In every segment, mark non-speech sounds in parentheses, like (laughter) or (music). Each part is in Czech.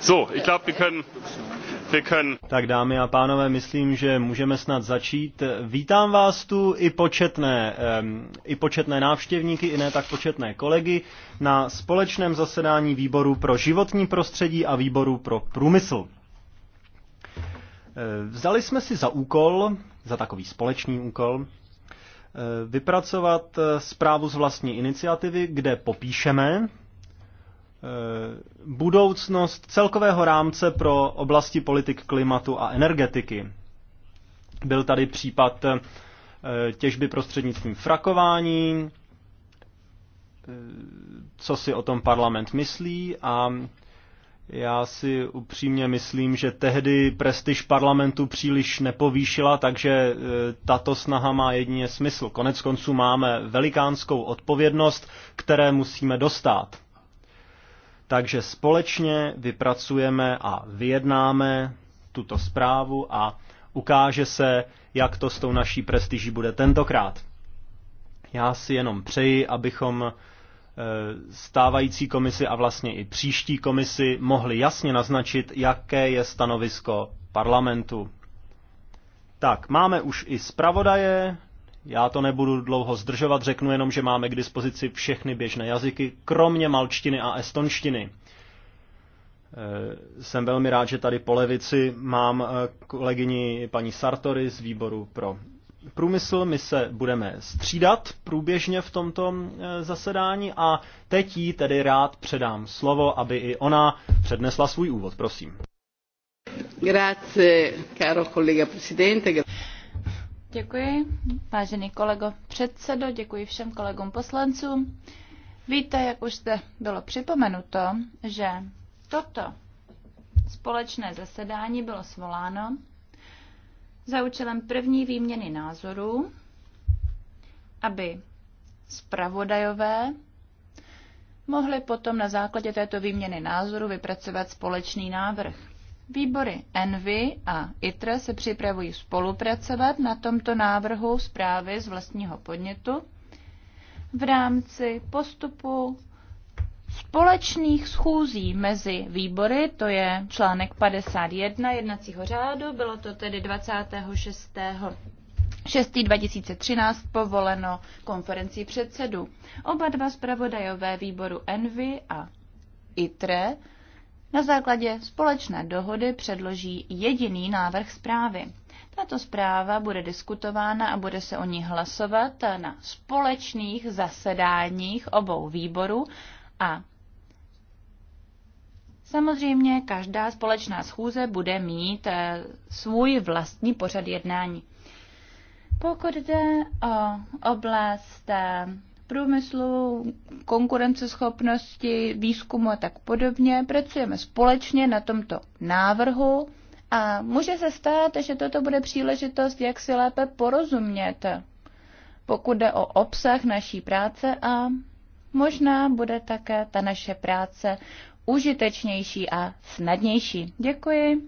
So, ich glaube, wir können, wir können. Tak dámy a pánové, myslím, že můžeme snad začít. Vítám vás tu i početné, um, i početné návštěvníky, i ne tak početné kolegy na společném zasedání výboru pro životní prostředí a výboru pro průmysl. Eh, vzali jsme si za úkol, za takový společný úkol, eh, vypracovat eh, zprávu z vlastní iniciativy, kde popíšeme Eh, budoucnost celkového rámce pro oblasti politik klimatu a energetiky. Byl tady případ eh, těžby prostřednictvím frakování, eh, co si o tom parlament myslí a já si upřímně myslím, že tehdy prestiž parlamentu příliš nepovýšila, takže tato snaha má jedině smysl. Konec konců máme velikánskou odpovědnost, které musíme dostat. Takže společně vypracujeme a vyjednáme tuto zprávu a ukáže se, jak to s tou naší prestiží bude tentokrát. Já si jenom přeji, abychom e, stávající komisi a vlastně i příští komisi mohli jasně naznačit, jaké je stanovisko parlamentu. Tak, máme už i zpravodaje, já to nebudu dlouho zdržovat, řeknu jenom, že máme k dispozici všechny běžné jazyky, kromě malčtiny a estonštiny. E, jsem velmi rád, že tady po levici mám e, kolegyni paní Sartory z výboru pro průmysl. My se budeme střídat průběžně v tomto e, zasedání a teď jí tedy rád předám slovo, aby i ona přednesla svůj úvod. Prosím. Grazie, caro collega presidente. Děkuji, vážený kolego předsedo, děkuji všem kolegům poslancům. Víte, jak už zde bylo připomenuto, že toto společné zasedání bylo svoláno za účelem první výměny názorů, aby zpravodajové mohli potom na základě této výměny názorů vypracovat společný návrh. Výbory Envy a ITRE se připravují spolupracovat na tomto návrhu zprávy z vlastního podnětu v rámci postupu společných schůzí mezi výbory, to je článek 51 jednacího řádu, bylo to tedy 26. 6. 2013 povoleno konferenci předsedů. Oba dva zpravodajové výboru Envy a ITRE na základě společné dohody předloží jediný návrh zprávy. Tato zpráva bude diskutována a bude se o ní hlasovat na společných zasedáních obou výborů a samozřejmě každá společná schůze bude mít eh, svůj vlastní pořad jednání. Pokud jde o oblast eh, průmyslu, konkurenceschopnosti, výzkumu a tak podobně. Pracujeme společně na tomto návrhu a může se stát, že toto bude příležitost, jak si lépe porozumět, pokud jde o obsah naší práce a možná bude také ta naše práce užitečnější a snadnější. Děkuji,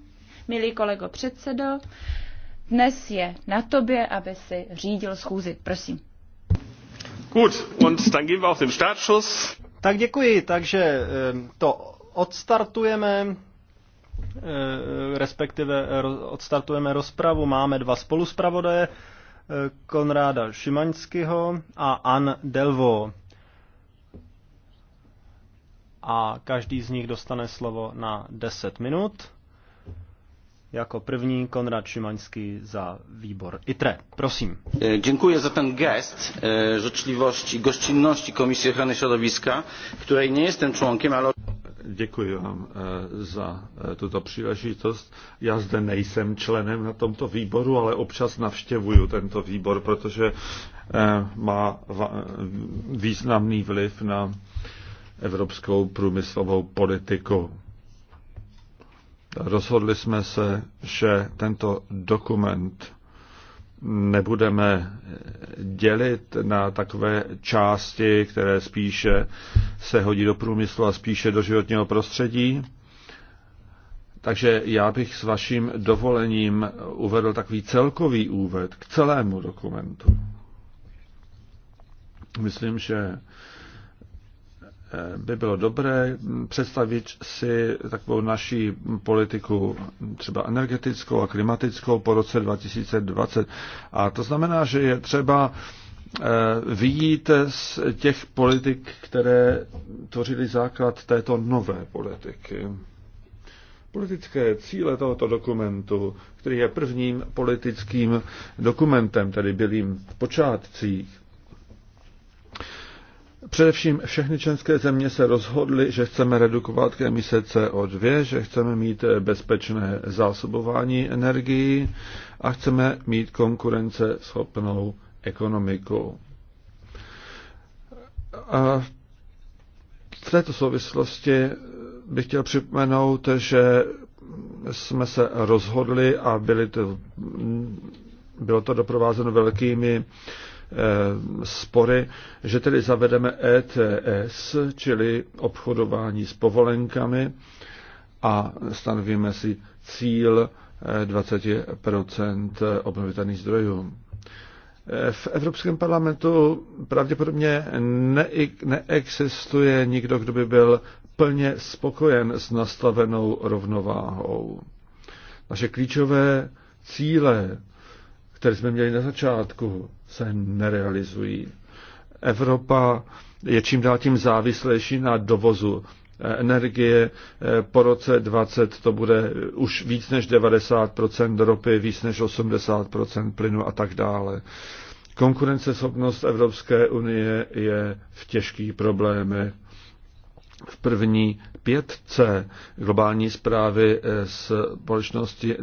milý kolego předsedo. Dnes je na tobě, aby si řídil schůzi. Prosím. Gut, und dann gehen wir auf den Startschuss. Tak děkuji, takže eh, to odstartujeme, eh, respektive eh, odstartujeme rozpravu. Máme dva spoluspravodaje, Konráda Šimaňského a Ann Delvo. A každý z nich dostane slovo na 10 minut. Jako první Konrad Šimaňský za výbor ITRE. Prosím. E, dziękuję za ten gest e, życzliwości, gościnności Komisji Ochrany Środowiska, której nie jestem członkiem, ale... Děkuji vám e, za tuto příležitost. Já zde nejsem členem na tomto výboru, ale občas navštěvuju tento výbor, protože má významný vliv na evropskou průmyslovou politiku rozhodli jsme se, že tento dokument nebudeme dělit na takové části, které spíše se hodí do průmyslu a spíše do životního prostředí. Takže já bych s vaším dovolením uvedl takový celkový úvod k celému dokumentu. Myslím, že by bylo dobré představit si takovou naší politiku třeba energetickou a klimatickou po roce 2020. A to znamená, že je třeba eh, vyjít z těch politik, které tvořily základ této nové politiky. Politické cíle tohoto dokumentu, který je prvním politickým dokumentem, tedy bylým v počátcích, Především všechny členské země se rozhodly, že chceme redukovat emise CO2, že chceme mít bezpečné zásobování energií a chceme mít konkurenceschopnou ekonomiku. A v této souvislosti bych chtěl připomenout, že jsme se rozhodli a byli to, bylo to doprovázeno velkými Eh, spory, že tedy zavedeme ETS, čili obchodování s povolenkami a stanovíme si cíl 20 eh, obnovitelných zdrojů. Eh, v Evropském parlamentu pravděpodobně ne- neexistuje nikdo, kdo by byl plně spokojen s nastavenou rovnováhou. Naše klíčové cíle které jsme měli na začátku, se nerealizují. Evropa je čím dál tím závislejší na dovozu energie. Po roce 20 to bude už víc než 90% ropy, víc než 80% plynu a tak dále. Konkurenceschopnost Evropské unie je v těžkých problémech. V první pětce globální zprávy společnosti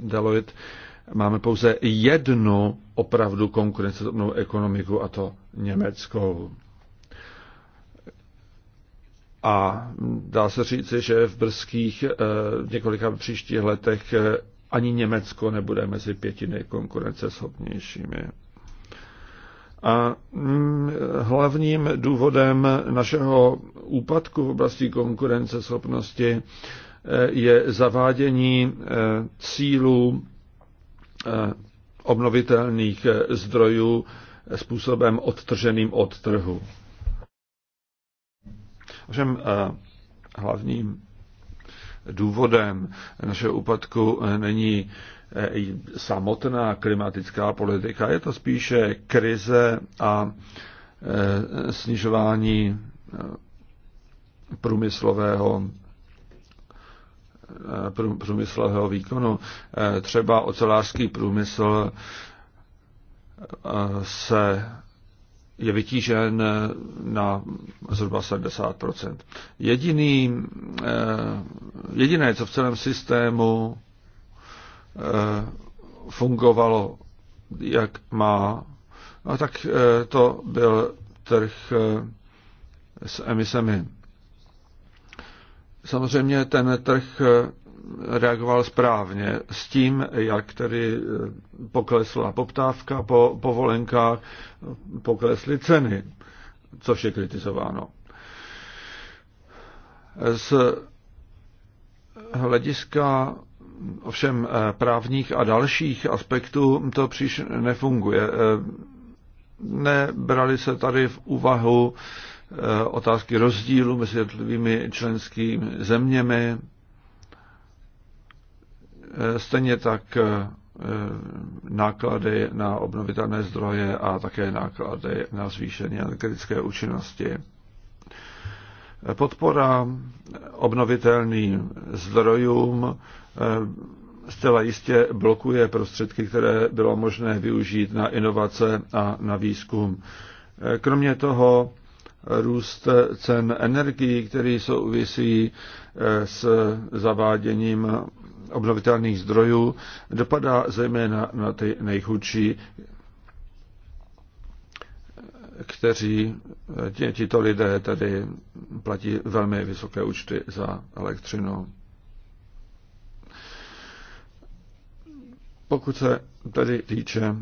Deloitte Máme pouze jednu opravdu konkurenceschopnou ekonomiku, a to německou. A dá se říci, že v brzkých eh, v několika příštích letech eh, ani Německo nebude mezi pěti nejkonkurenceschopnějšími. A mm, hlavním důvodem našeho úpadku v oblasti konkurenceschopnosti eh, je zavádění cílů Eh, obnovitelných eh, zdrojů eh, způsobem odtrženým od trhu. Ovšem hlavním důvodem našeho úpadku není samotná klimatická politika, je to spíše krize a snižování průmyslového průmyslového výkonu. Eh, třeba ocelářský průmysl eh, se je vytížen eh, na zhruba 70 Jediný, jediné, co v celém systému fungovalo, jak má, a tak to byl trh s emisemi. Samozřejmě ten trh eh, reagoval správně s tím, jak tedy eh, poklesla poptávka po povolenkách, poklesly ceny, což je kritizováno. Z hlediska ovšem eh, právních a dalších aspektů to příš nefunguje. Nebrali se tady v úvahu Eh, otázky rozdílu mezi jednotlivými členskými zeměmi. Eh, stejně tak eh, náklady na obnovitelné zdroje a také náklady na zvýšení energetické účinnosti. Podpora obnovitelným zdrojům zcela jistě blokuje prostředky, které bylo možné využít na inovace a na výzkum. Kromě toho růst cen energií, který souvisí eh, s zaváděním obnovitelných zdrojů, dopadá zejména na ty nejchudší, kteří eh, tito lidé tedy platí velmi vysoké účty za elektřinu. Pokud se tedy týče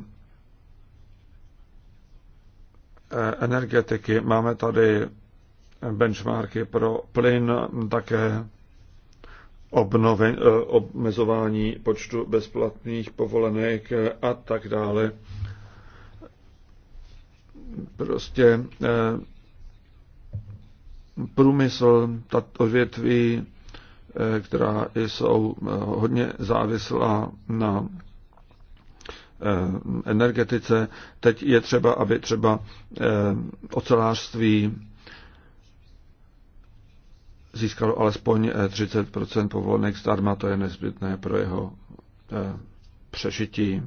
energetiky. Máme tady benchmarky pro plyn, také obnoven, eh, obmezování počtu bezplatných povolenek a tak dále. Prostě eh, průmysl, ta odvětví, eh, která jsou hodně závislá na Eh, energetice. Teď je třeba, aby třeba eh, ocelářství získalo alespoň 30 eh, povolenek zdarma, to je nezbytné pro jeho přežití.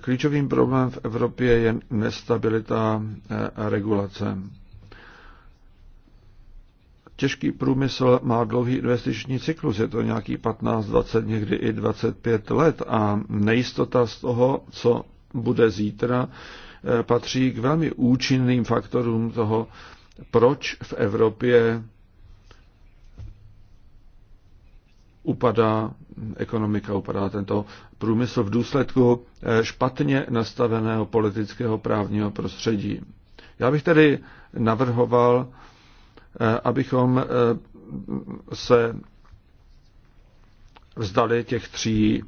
Klíčovým problémem v Evropě je nestabilita regulace. Těžký průmysl má dlouhý investiční cyklus, je to nějaký 15, 20, někdy i 25 let a nejistota z toho, co bude zítra, eh, patří k velmi účinným faktorům toho, proč v Evropě upadá ekonomika, upadá tento průmysl v důsledku eh, špatně nastaveného politického právního prostředí. Já bych tedy navrhoval, Eh, abychom eh, se vzdali těch tří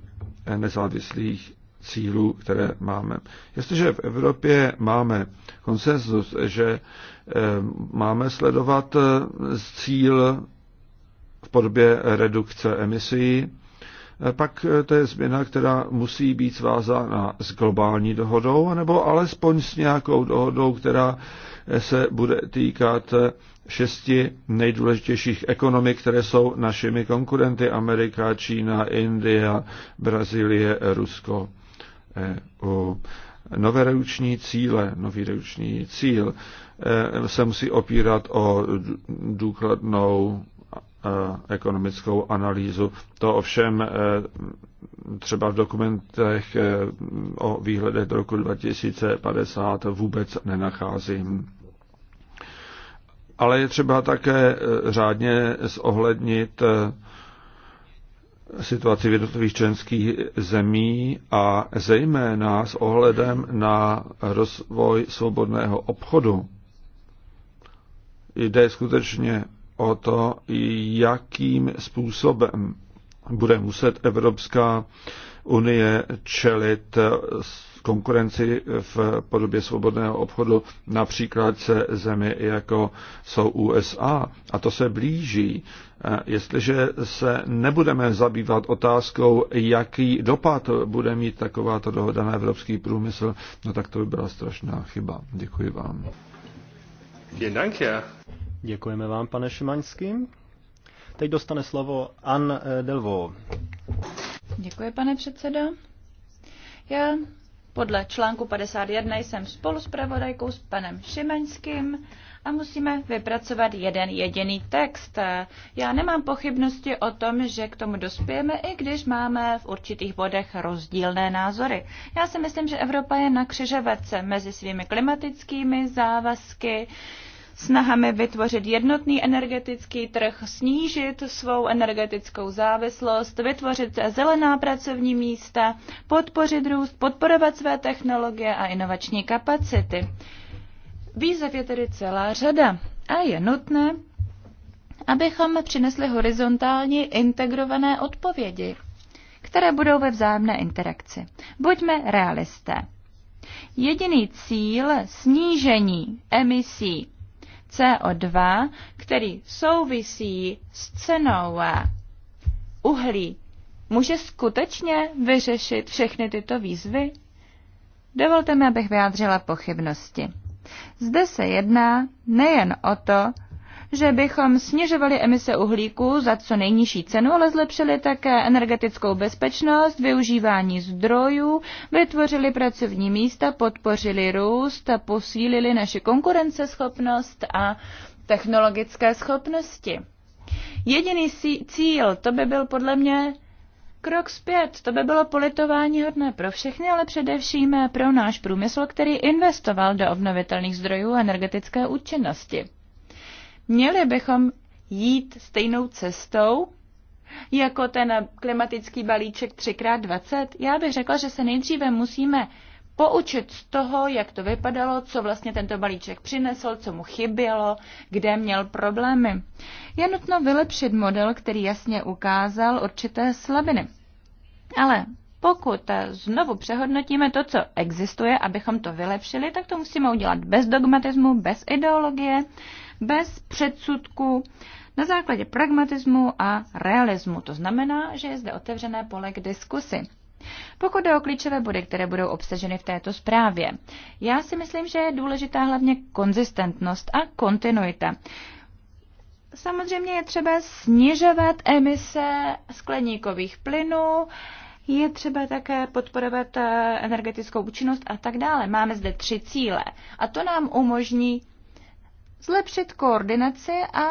eh, nezávislých cílů, které máme. Jestliže v Evropě máme konsenzus, že máme sledovat cíl v podobě redukce emisí, pak to je změna, která musí být svázána s globální dohodou, anebo alespoň s nějakou dohodou, která se bude týkat šesti nejdůležitějších ekonomik, které jsou našimi konkurenty Amerika, Čína, India, Brazílie, Rusko, EU. Nové reuční cíle, nový reuční cíl e, se musí opírat o důkladnou ekonomickou analýzu. To ovšem e, třeba v dokumentech e, o výhledech do roku 2050 vůbec nenacházím ale je třeba také eh, řádně zohlednit eh, situaci v jednotlivých členských zemí a zejména s ohledem na rozvoj svobodného obchodu. Jde skutečně o to, jakým způsobem bude muset Evropská unie čelit eh, konkurenci v podobě svobodného obchodu například se zemi jako jsou USA. A to se blíží. Eh, jestliže se nebudeme zabývat otázkou, jaký dopad bude mít takováto dohoda na evropský průmysl, no tak to by byla strašná chyba. Děkuji vám. Děkujeme vám, pane Šimaňský. Teď dostane slovo Anne eh, Delvo. Děkuji, pane předsedo. Já podle článku 51 jsem spolu s pravodajkou s panem Šimenským a musíme vypracovat jeden jediný text. Já nemám pochybnosti o tom, že k tomu dospějeme, i když máme v určitých bodech rozdílné názory. Já si myslím, že Evropa je na křižovatce mezi svými klimatickými závazky, snahami vytvořit jednotný energetický trh, snížit svou energetickou závislost, vytvořit zelená pracovní místa, podpořit růst, podporovat své technologie a inovační kapacity. Výzev je tedy celá řada a je nutné, abychom přinesli horizontálně integrované odpovědi, které budou ve vzájemné interakci. Buďme realisté. Jediný cíl snížení emisí CO2, který souvisí s cenou uhlí, může skutečně vyřešit všechny tyto výzvy? Dovolte mi, abych vyjádřila pochybnosti. Zde se jedná nejen o to, že bychom snižovali emise uhlíku za co nejnižší cenu, ale zlepšili také energetickou bezpečnost, využívání zdrojů, vytvořili pracovní místa, podpořili růst a posílili naši konkurenceschopnost a technologické schopnosti. Jediný cíl, to by byl podle mě krok zpět. To by bylo politování hodné pro všechny, ale především pro náš průmysl, který investoval do obnovitelných zdrojů a energetické účinnosti. Měli bychom jít stejnou cestou, jako ten klimatický balíček 3x20? Já bych řekla, že se nejdříve musíme poučit z toho, jak to vypadalo, co vlastně tento balíček přinesl, co mu chybělo, kde měl problémy. Je nutno vylepšit model, který jasně ukázal určité slabiny. Ale pokud znovu přehodnotíme to, co existuje, abychom to vylepšili, tak to musíme udělat bez dogmatismu, bez ideologie, bez předsudku, na základě pragmatismu a realismu. To znamená, že je zde otevřené pole k diskusi. Pokud jde o klíčové body, které budou obsaženy v této zprávě, já si myslím, že je důležitá hlavně konzistentnost a kontinuita. Samozřejmě je třeba snižovat emise skleníkových plynů, je třeba také podporovat eh, energetickou účinnost a tak dále. Máme zde tři cíle a to nám umožní zlepšit koordinaci a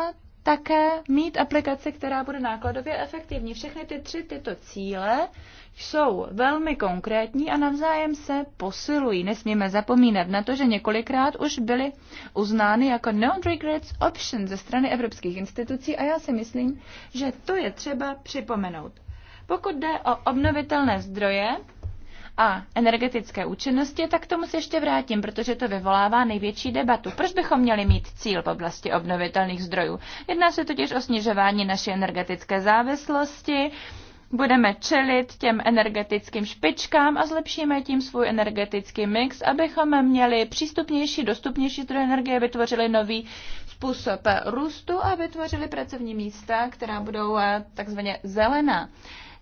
také mít aplikaci, která bude nákladově efektivní. Všechny ty tři tyto cíle jsou velmi konkrétní a navzájem se posilují. Nesmíme zapomínat na to, že několikrát už byly uznány jako non-regrets option ze strany evropských institucí a já si myslím, že to je třeba připomenout. Pokud jde o obnovitelné zdroje, a energetické účinnosti, tak k tomu se ještě vrátím, protože to vyvolává největší debatu. Proč bychom měli mít cíl v oblasti obnovitelných zdrojů? Jedná se totiž o snižování naší energetické závislosti, budeme čelit těm energetickým špičkám a zlepšíme tím svůj energetický mix, abychom měli přístupnější, dostupnější zdroje energie, vytvořili nový způsob růstu a vytvořili pracovní místa, která budou eh, takzvaně zelená.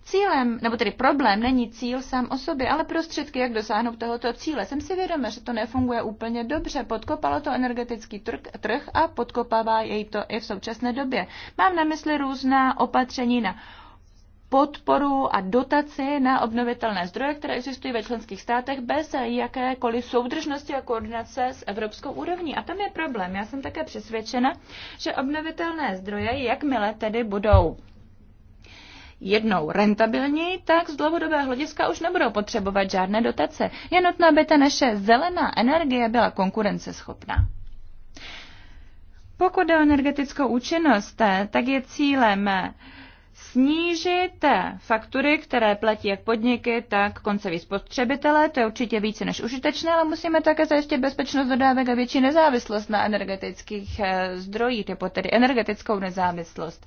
Cílem, nebo tedy problém není cíl sám o sobě, ale prostředky, jak dosáhnout tohoto cíle. Jsem si vědoma, že to nefunguje úplně dobře. Podkopalo to energetický trh a podkopává jej to i v současné době. Mám na mysli různá opatření na podporu a dotaci na obnovitelné zdroje, které existují ve členských státech bez jakékoliv soudržnosti a koordinace s evropskou úrovní. A tam je problém. Já jsem také přesvědčena, že obnovitelné zdroje, jakmile tedy budou jednou rentabilní, tak z dlouhodobého hlediska už nebudou potřebovat žádné dotace. Je nutné, aby ta naše zelená energie byla konkurenceschopná. Pokud o energetickou účinnost, tak je cílem snížit faktury, které platí jak podniky, tak koncoví spotřebitelé. To je určitě více než užitečné, ale musíme také zajistit bezpečnost dodávek a větší nezávislost na energetických eh, zdrojích, nebo tedy energetickou nezávislost.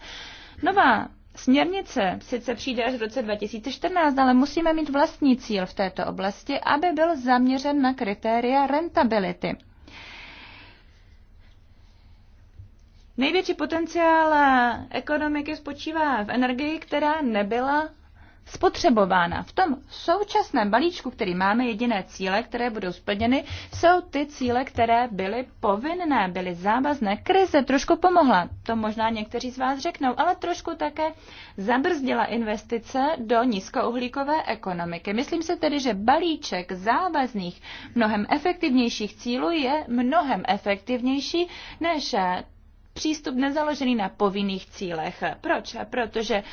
Nová Směrnice sice přijde až v roce 2014, ale musíme mít vlastní cíl v této oblasti, aby byl zaměřen na kritéria rentability. Největší potenciál ekonomiky spočívá v energii, která nebyla spotřebována. V tom současném balíčku, který máme, jediné cíle, které budou splněny, jsou ty cíle, které byly povinné, byly závazné. Krize trošku pomohla, to možná někteří z vás řeknou, ale trošku také zabrzdila investice do nízkouhlíkové ekonomiky. Myslím se tedy, že balíček závazných, mnohem efektivnějších cílů je mnohem efektivnější než přístup nezaložený na povinných cílech. Proč? Protože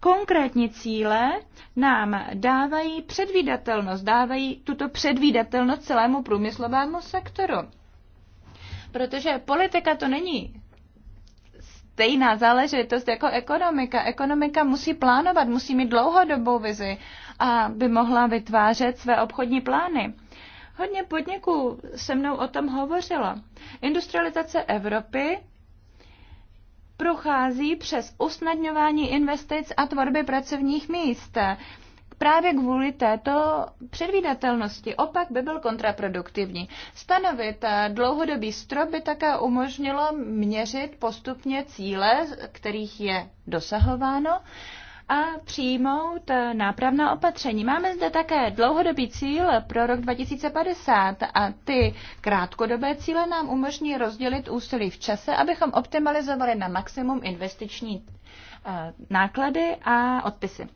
konkrétní cíle nám dávají předvídatelnost, dávají tuto předvídatelnost celému průmyslovému sektoru. Protože politika to není stejná záležitost jako ekonomika. Ekonomika musí plánovat, musí mít dlouhodobou vizi, aby mohla vytvářet své obchodní plány. Hodně podniků se mnou o tom hovořilo. Industrializace Evropy prochází přes usnadňování investic a tvorby pracovních míst. Právě kvůli této předvídatelnosti opak by byl kontraproduktivní. Stanovit dlouhodobý strop by také umožnilo měřit postupně cíle, kterých je dosahováno a přijmout eh, nápravná opatření. Máme zde také dlouhodobý cíl pro rok 2050 a ty krátkodobé cíle nám umožní rozdělit úsilí v čase, abychom optimalizovali na maximum investiční eh, náklady a odpisy.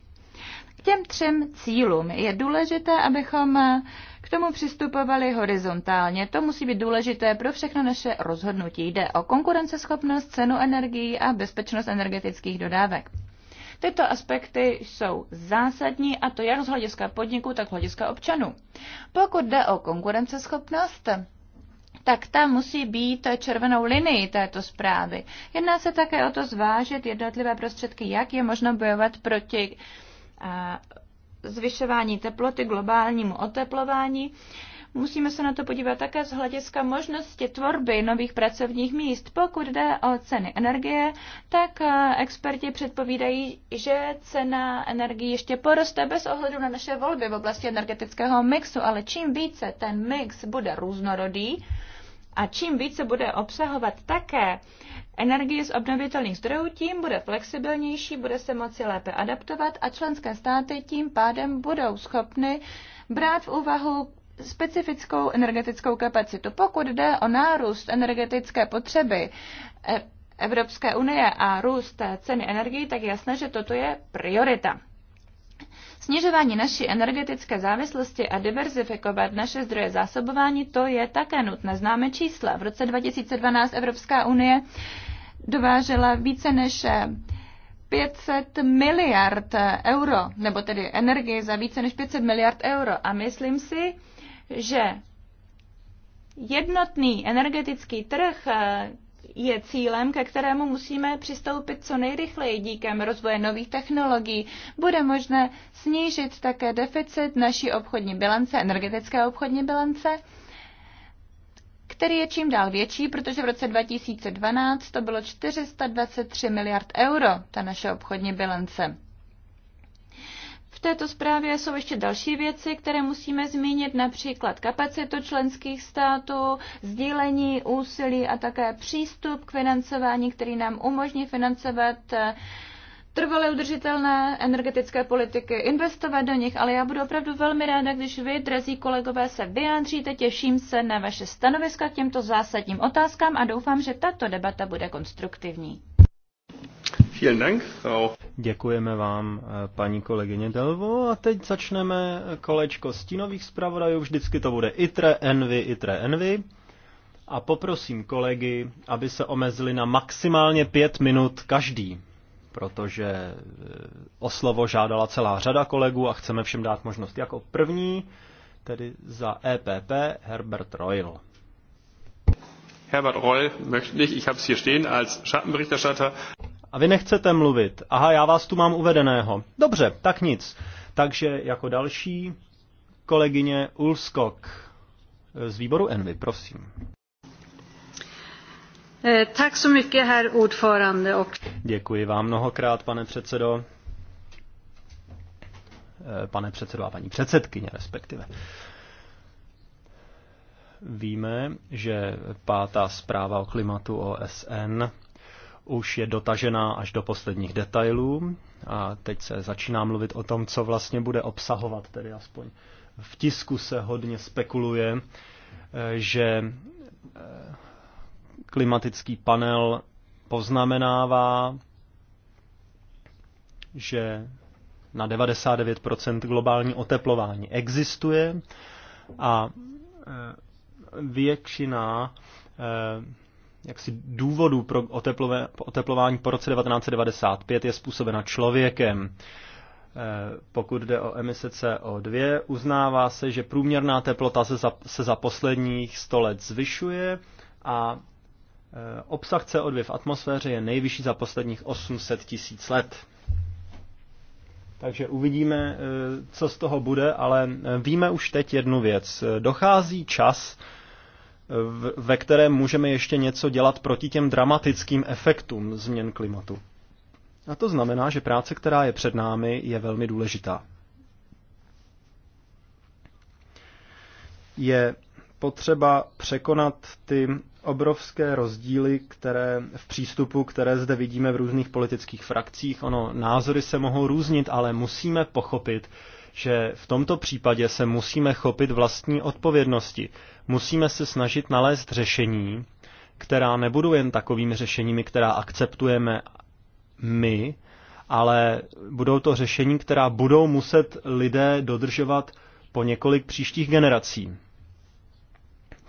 K těm třem cílům je důležité, abychom eh, k tomu přistupovali horizontálně. To musí být důležité pro všechno naše rozhodnutí. Jde o konkurenceschopnost, cenu energií a bezpečnost energetických dodávek. Tyto aspekty jsou zásadní a to jak z hlediska podniku, tak z hlediska občanů. Pokud jde o konkurenceschopnost, tak ta musí být červenou linií této zprávy. Jedná se také o to zvážit jednotlivé prostředky, jak je možno bojovat proti zvyšování teploty, globálnímu oteplování. Musíme se na to podívat také z hlediska možnosti tvorby nových pracovních míst. Pokud jde o ceny energie, tak eh, experti předpovídají, že cena energie ještě poroste bez ohledu na naše volby v oblasti energetického mixu, ale čím více ten mix bude různorodý, a čím více bude obsahovat také energii z obnovitelných zdrojů, tím bude flexibilnější, bude se moci lépe adaptovat a členské státy tím pádem budou schopny brát v úvahu specifickou energetickou kapacitu. Pokud jde o nárůst energetické potřeby e- Evropské unie a růst ceny energii, tak jasné, že toto je priorita. Snižování naší energetické závislosti a diverzifikovat naše zdroje zásobování, to je také nutné. Známe čísla. V roce 2012 Evropská unie dovážela více než 500 miliard euro, nebo tedy energie za více než 500 miliard euro. A myslím si, že jednotný energetický trh eh, je cílem, ke kterému musíme přistoupit co nejrychleji díkem rozvoje nových technologií. Bude možné snížit také deficit naší obchodní bilance, energetické obchodní bilance, který je čím dál větší, protože v roce 2012 to bylo 423 miliard euro, ta naše obchodní bilance této zprávě jsou ještě další věci, které musíme zmínit, například kapacitu členských států, sdílení úsilí a také přístup k financování, který nám umožní financovat eh, trvalé udržitelné energetické politiky, investovat do nich, ale já budu opravdu velmi ráda, když vy, drazí kolegové, se vyjádříte, těším se na vaše stanoviska k těmto zásadním otázkám a doufám, že tato debata bude konstruktivní. Vielen Dank, Frau. Děkujeme vám, eh, paní kolegyně Delvo. A teď začneme kolečko stínových zpravodajů. Vždycky to bude ITRE, ENVY, ITRE, ENVY. A poprosím kolegy, aby se omezili na maximálně pět minut každý, protože eh, o slovo žádala celá řada kolegů a chceme všem dát možnost. Jako první, tedy za EPP, Herbert Royal. Herbert Reul möchte nicht, ich habe es hier stehen als Schattenberichterstatter. A vy nechcete mluvit. Aha, já vás tu mám uvedeného. Dobře, tak nic. Takže jako další kolegyně Ulskok z výboru Envy, prosím. Eh, tak so mycket, herr ordförande. Děkuji vám mnohokrát, pane předsedo. Eh, pane předsedo a paní předsedkyně, respektive. Víme, že pátá zpráva o klimatu OSN už je dotažená až do posledních detailů a teď se začíná mluvit o tom, co vlastně bude obsahovat, tedy aspoň v tisku se hodně spekuluje, eh, že eh, klimatický panel poznamenává, že na 99% globální oteplování existuje a eh, většina jaksi důvodů pro oteplování po roce 1995 je způsobena člověkem. E, pokud jde o emise CO2, uznává se, že průměrná teplota se za, se za posledních 100 let zvyšuje a e, obsah CO2 v atmosféře je nejvyšší za posledních 800 tisíc let. Takže uvidíme, e, co z toho bude, ale víme už teď jednu věc. Dochází čas, ve kterém můžeme ještě něco dělat proti těm dramatickým efektům změn klimatu. A to znamená, že práce, která je před námi, je velmi důležitá. Je potřeba překonat ty obrovské rozdíly, které v přístupu, které zde vidíme v různých politických frakcích. Ono, názory se mohou různit, ale musíme pochopit, že v tomto případě se musíme chopit vlastní odpovědnosti. Musíme se snažit nalézt řešení, která nebudou jen takovými řešeními, která akceptujeme my, ale budou to řešení, která budou muset lidé dodržovat po několik příštích generací.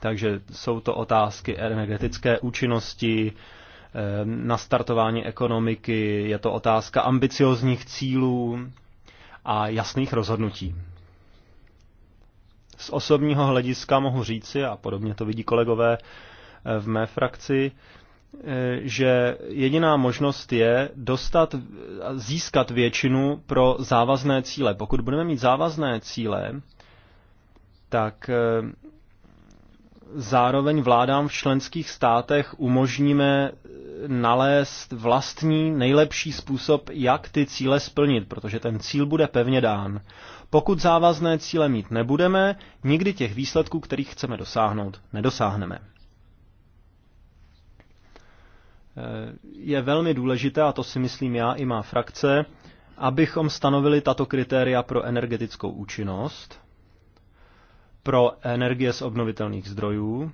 Takže jsou to otázky energetické účinnosti, eh, nastartování ekonomiky, je to otázka ambiciozních cílů a jasných rozhodnutí. Z osobního hlediska mohu říci, a podobně to vidí kolegové eh, v mé frakci, eh, že jediná možnost je dostat, získat většinu pro závazné cíle. Pokud budeme mít závazné cíle, tak eh, zároveň vládám v členských státech umožníme nalézt vlastní nejlepší způsob, jak ty cíle splnit, protože ten cíl bude pevně dán. Pokud závazné cíle mít nebudeme, nikdy těch výsledků, kterých chceme dosáhnout, nedosáhneme. Eh, je velmi důležité, a to si myslím já i má frakce, abychom stanovili tato kritéria pro energetickou účinnost, pro energie z obnovitelných zdrojů,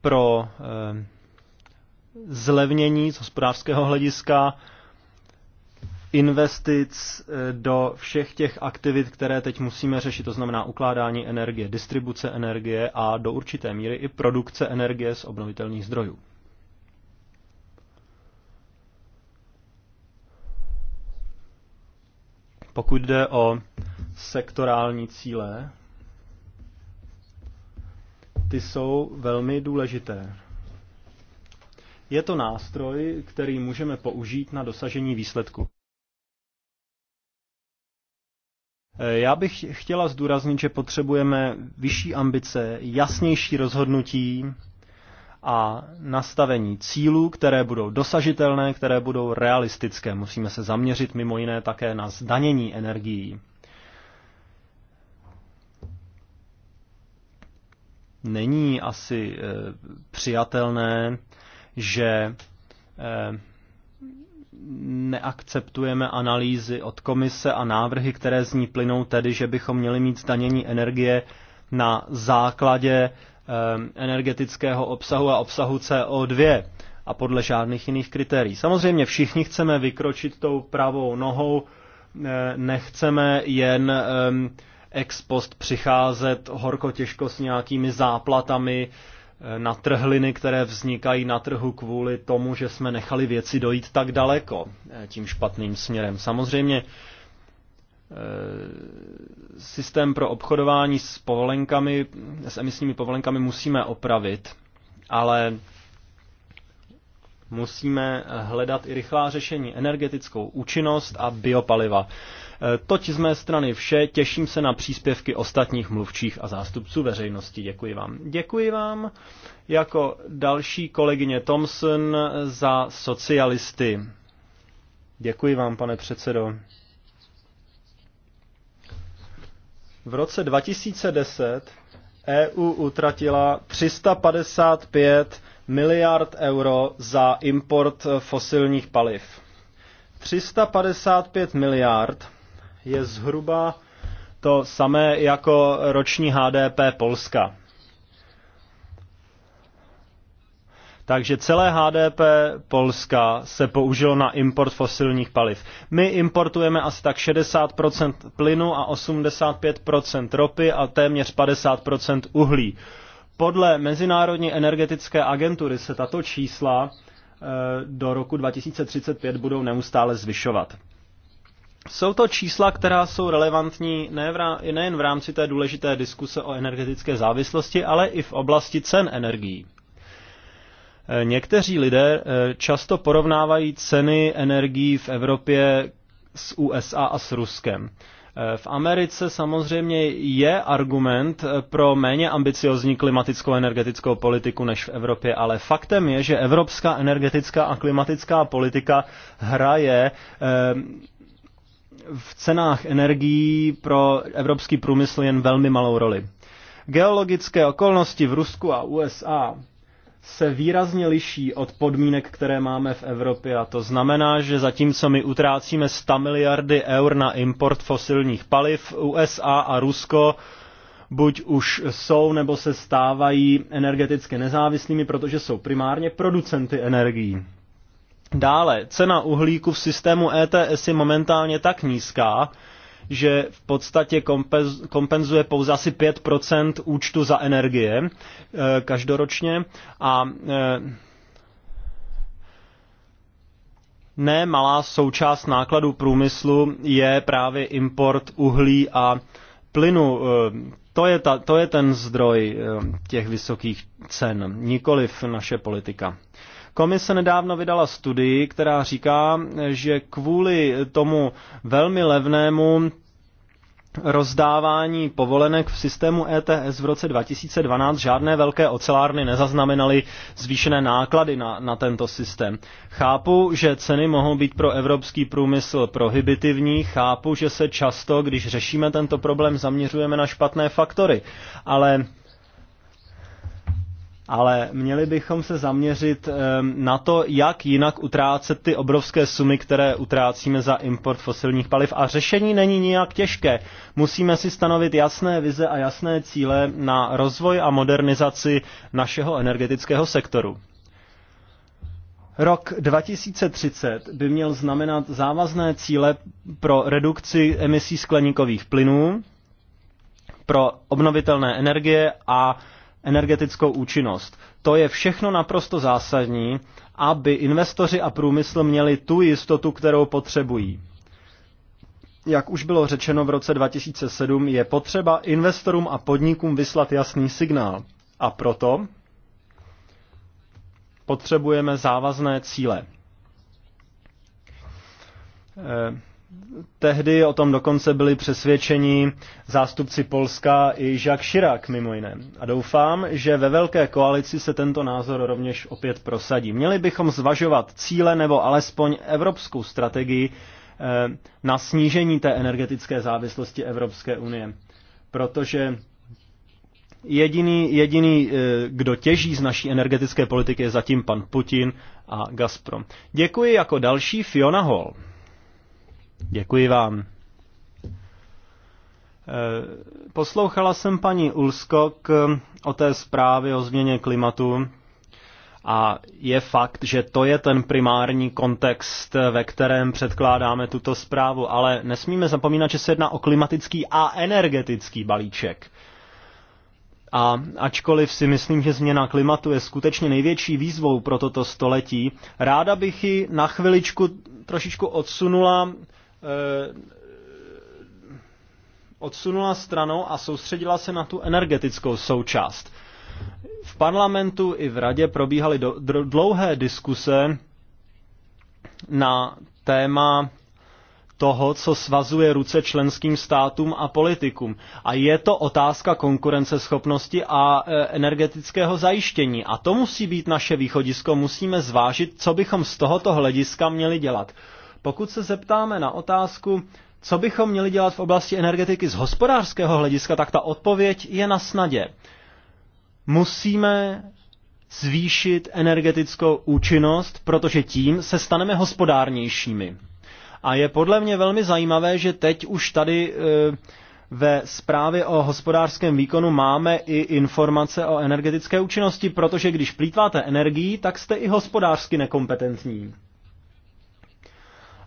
pro eh, zlevnění z hospodářského hlediska investic eh, do všech těch aktivit, které teď musíme řešit, to znamená ukládání energie, distribuce energie a do určité míry i produkce energie z obnovitelných zdrojů. Pokud jde o sektorální cíle, ty jsou velmi důležité. Je to nástroj, který můžeme použít na dosažení výsledku. Já bych chtěla zdůraznit, že potřebujeme vyšší ambice, jasnější rozhodnutí a nastavení cílů, které budou dosažitelné, které budou realistické. Musíme se zaměřit mimo jiné také na zdanění energií. Není asi e, přijatelné, že e, neakceptujeme analýzy od komise a návrhy, které z ní plynou, tedy že bychom měli mít zdanění energie na základě ehm, energetického obsahu a obsahu CO2 a podle žádných jiných kritérií. Samozřejmě všichni chceme vykročit tou pravou nohou, nechceme jen ehm, ex post přicházet horko těžko s nějakými záplatami, na trhliny, které vznikají na trhu kvůli tomu, že jsme nechali věci dojít tak daleko eh, tím špatným směrem. Samozřejmě eh, systém pro obchodování s povolenkami, s emisními povolenkami musíme opravit, ale musíme hledat i rychlá řešení, energetickou účinnost a biopaliva. Eh, toť z mé strany vše, těším se na příspěvky ostatních mluvčích a zástupců veřejnosti. Děkuji vám. Děkuji vám jako další kolegyně Thompson za socialisty. Děkuji vám, pane předsedo. V roce 2010 EU utratila 355 miliard euro za import fosilních paliv. 355 miliard je zhruba to samé jako roční HDP Polska. Takže celé HDP Polska se použilo na import fosilních paliv. My importujeme asi tak 60% plynu a 85% ropy a téměř 50% uhlí. Podle Mezinárodní energetické agentury se tato čísla eh, do roku 2035 budou neustále zvyšovat. Jsou to čísla, která jsou relevantní nejen v rámci té důležité diskuse o energetické závislosti, ale i v oblasti cen energií. Eh, někteří lidé eh, často porovnávají ceny energií v Evropě s USA a s Ruskem. Eh, v Americe samozřejmě je argument pro méně ambiciozní klimatickou energetickou politiku než v Evropě, ale faktem je, že evropská energetická a klimatická politika hraje v cenách energií pro evropský průmysl jen velmi malou roli. Geologické okolnosti v Rusku a USA se výrazně liší od podmínek, které máme v Evropě a to znamená, že zatímco my utrácíme 100 miliardy eur na import fosilních paliv, USA a Rusko buď už jsou nebo se stávají energeticky nezávislými, protože jsou primárně producenty energií. Dále, cena uhlíku v systému ETS je momentálně tak nízká, že v podstatě kompenzuje pouze asi 5% účtu za energie e, každoročně a e, ne malá součást nákladů průmyslu je právě import uhlí a plynu. E, to je, ta, to je ten zdroj těch vysokých cen, nikoliv naše politika. Komise nedávno vydala studii, která říká, že kvůli tomu velmi levnému rozdávání povolenek v systému ETS v roce 2012 žádné velké ocelárny nezaznamenaly zvýšené náklady na, na tento systém. Chápu, že ceny mohou být pro evropský průmysl prohibitivní, chápu, že se často, když řešíme tento problém, zaměřujeme na špatné faktory, ale ale měli bychom se zaměřit eh, na to, jak jinak utrácet ty obrovské sumy, které utrácíme za import fosilních paliv. A řešení není nijak těžké. Musíme si stanovit jasné vize a jasné cíle na rozvoj a modernizaci našeho energetického sektoru. Rok 2030 by měl znamenat závazné cíle pro redukci emisí skleníkových plynů, pro obnovitelné energie a energetickou účinnost. To je všechno naprosto zásadní, aby investoři a průmysl měli tu jistotu, kterou potřebují. Jak už bylo řečeno v roce 2007, je potřeba investorům a podnikům vyslat jasný signál. A proto potřebujeme závazné cíle. Eh, tehdy o tom dokonce byli přesvědčeni zástupci Polska i Jacques Chirac mimo jiné. A doufám, že ve velké koalici se tento názor rovněž opět prosadí. Měli bychom zvažovat cíle nebo alespoň evropskou strategii eh, na snížení té energetické závislosti Evropské unie. Protože jediný, jediný, eh, kdo těží z naší energetické politiky, je zatím pan Putin a Gazprom. Děkuji jako další Fiona Hall. Děkuji vám. Eh, poslouchala jsem paní Ulskok eh, o té zprávě o změně klimatu a je fakt, že to je ten primární kontext, eh, ve kterém předkládáme tuto zprávu, ale nesmíme zapomínat, že se jedná o klimatický a energetický balíček. A ačkoliv si myslím, že změna klimatu je skutečně největší výzvou pro toto století, ráda bych ji na chviličku trošičku odsunula Eh, odsunula stranou a soustředila se na tu energetickou součást. V parlamentu i v radě probíhaly dlouhé diskuse na téma toho, co svazuje ruce členským státům a politikům. A je to otázka konkurenceschopnosti a eh, energetického zajištění. A to musí být naše východisko. Musíme zvážit, co bychom z tohoto hlediska měli dělat. Pokud se zeptáme na otázku, co bychom měli dělat v oblasti energetiky z hospodářského hlediska, tak ta odpověď je na snadě. Musíme zvýšit energetickou účinnost, protože tím se staneme hospodárnějšími. A je podle mě velmi zajímavé, že teď už tady e, ve zprávě o hospodářském výkonu máme i informace o energetické účinnosti, protože když plítváte energií, tak jste i hospodářsky nekompetentní.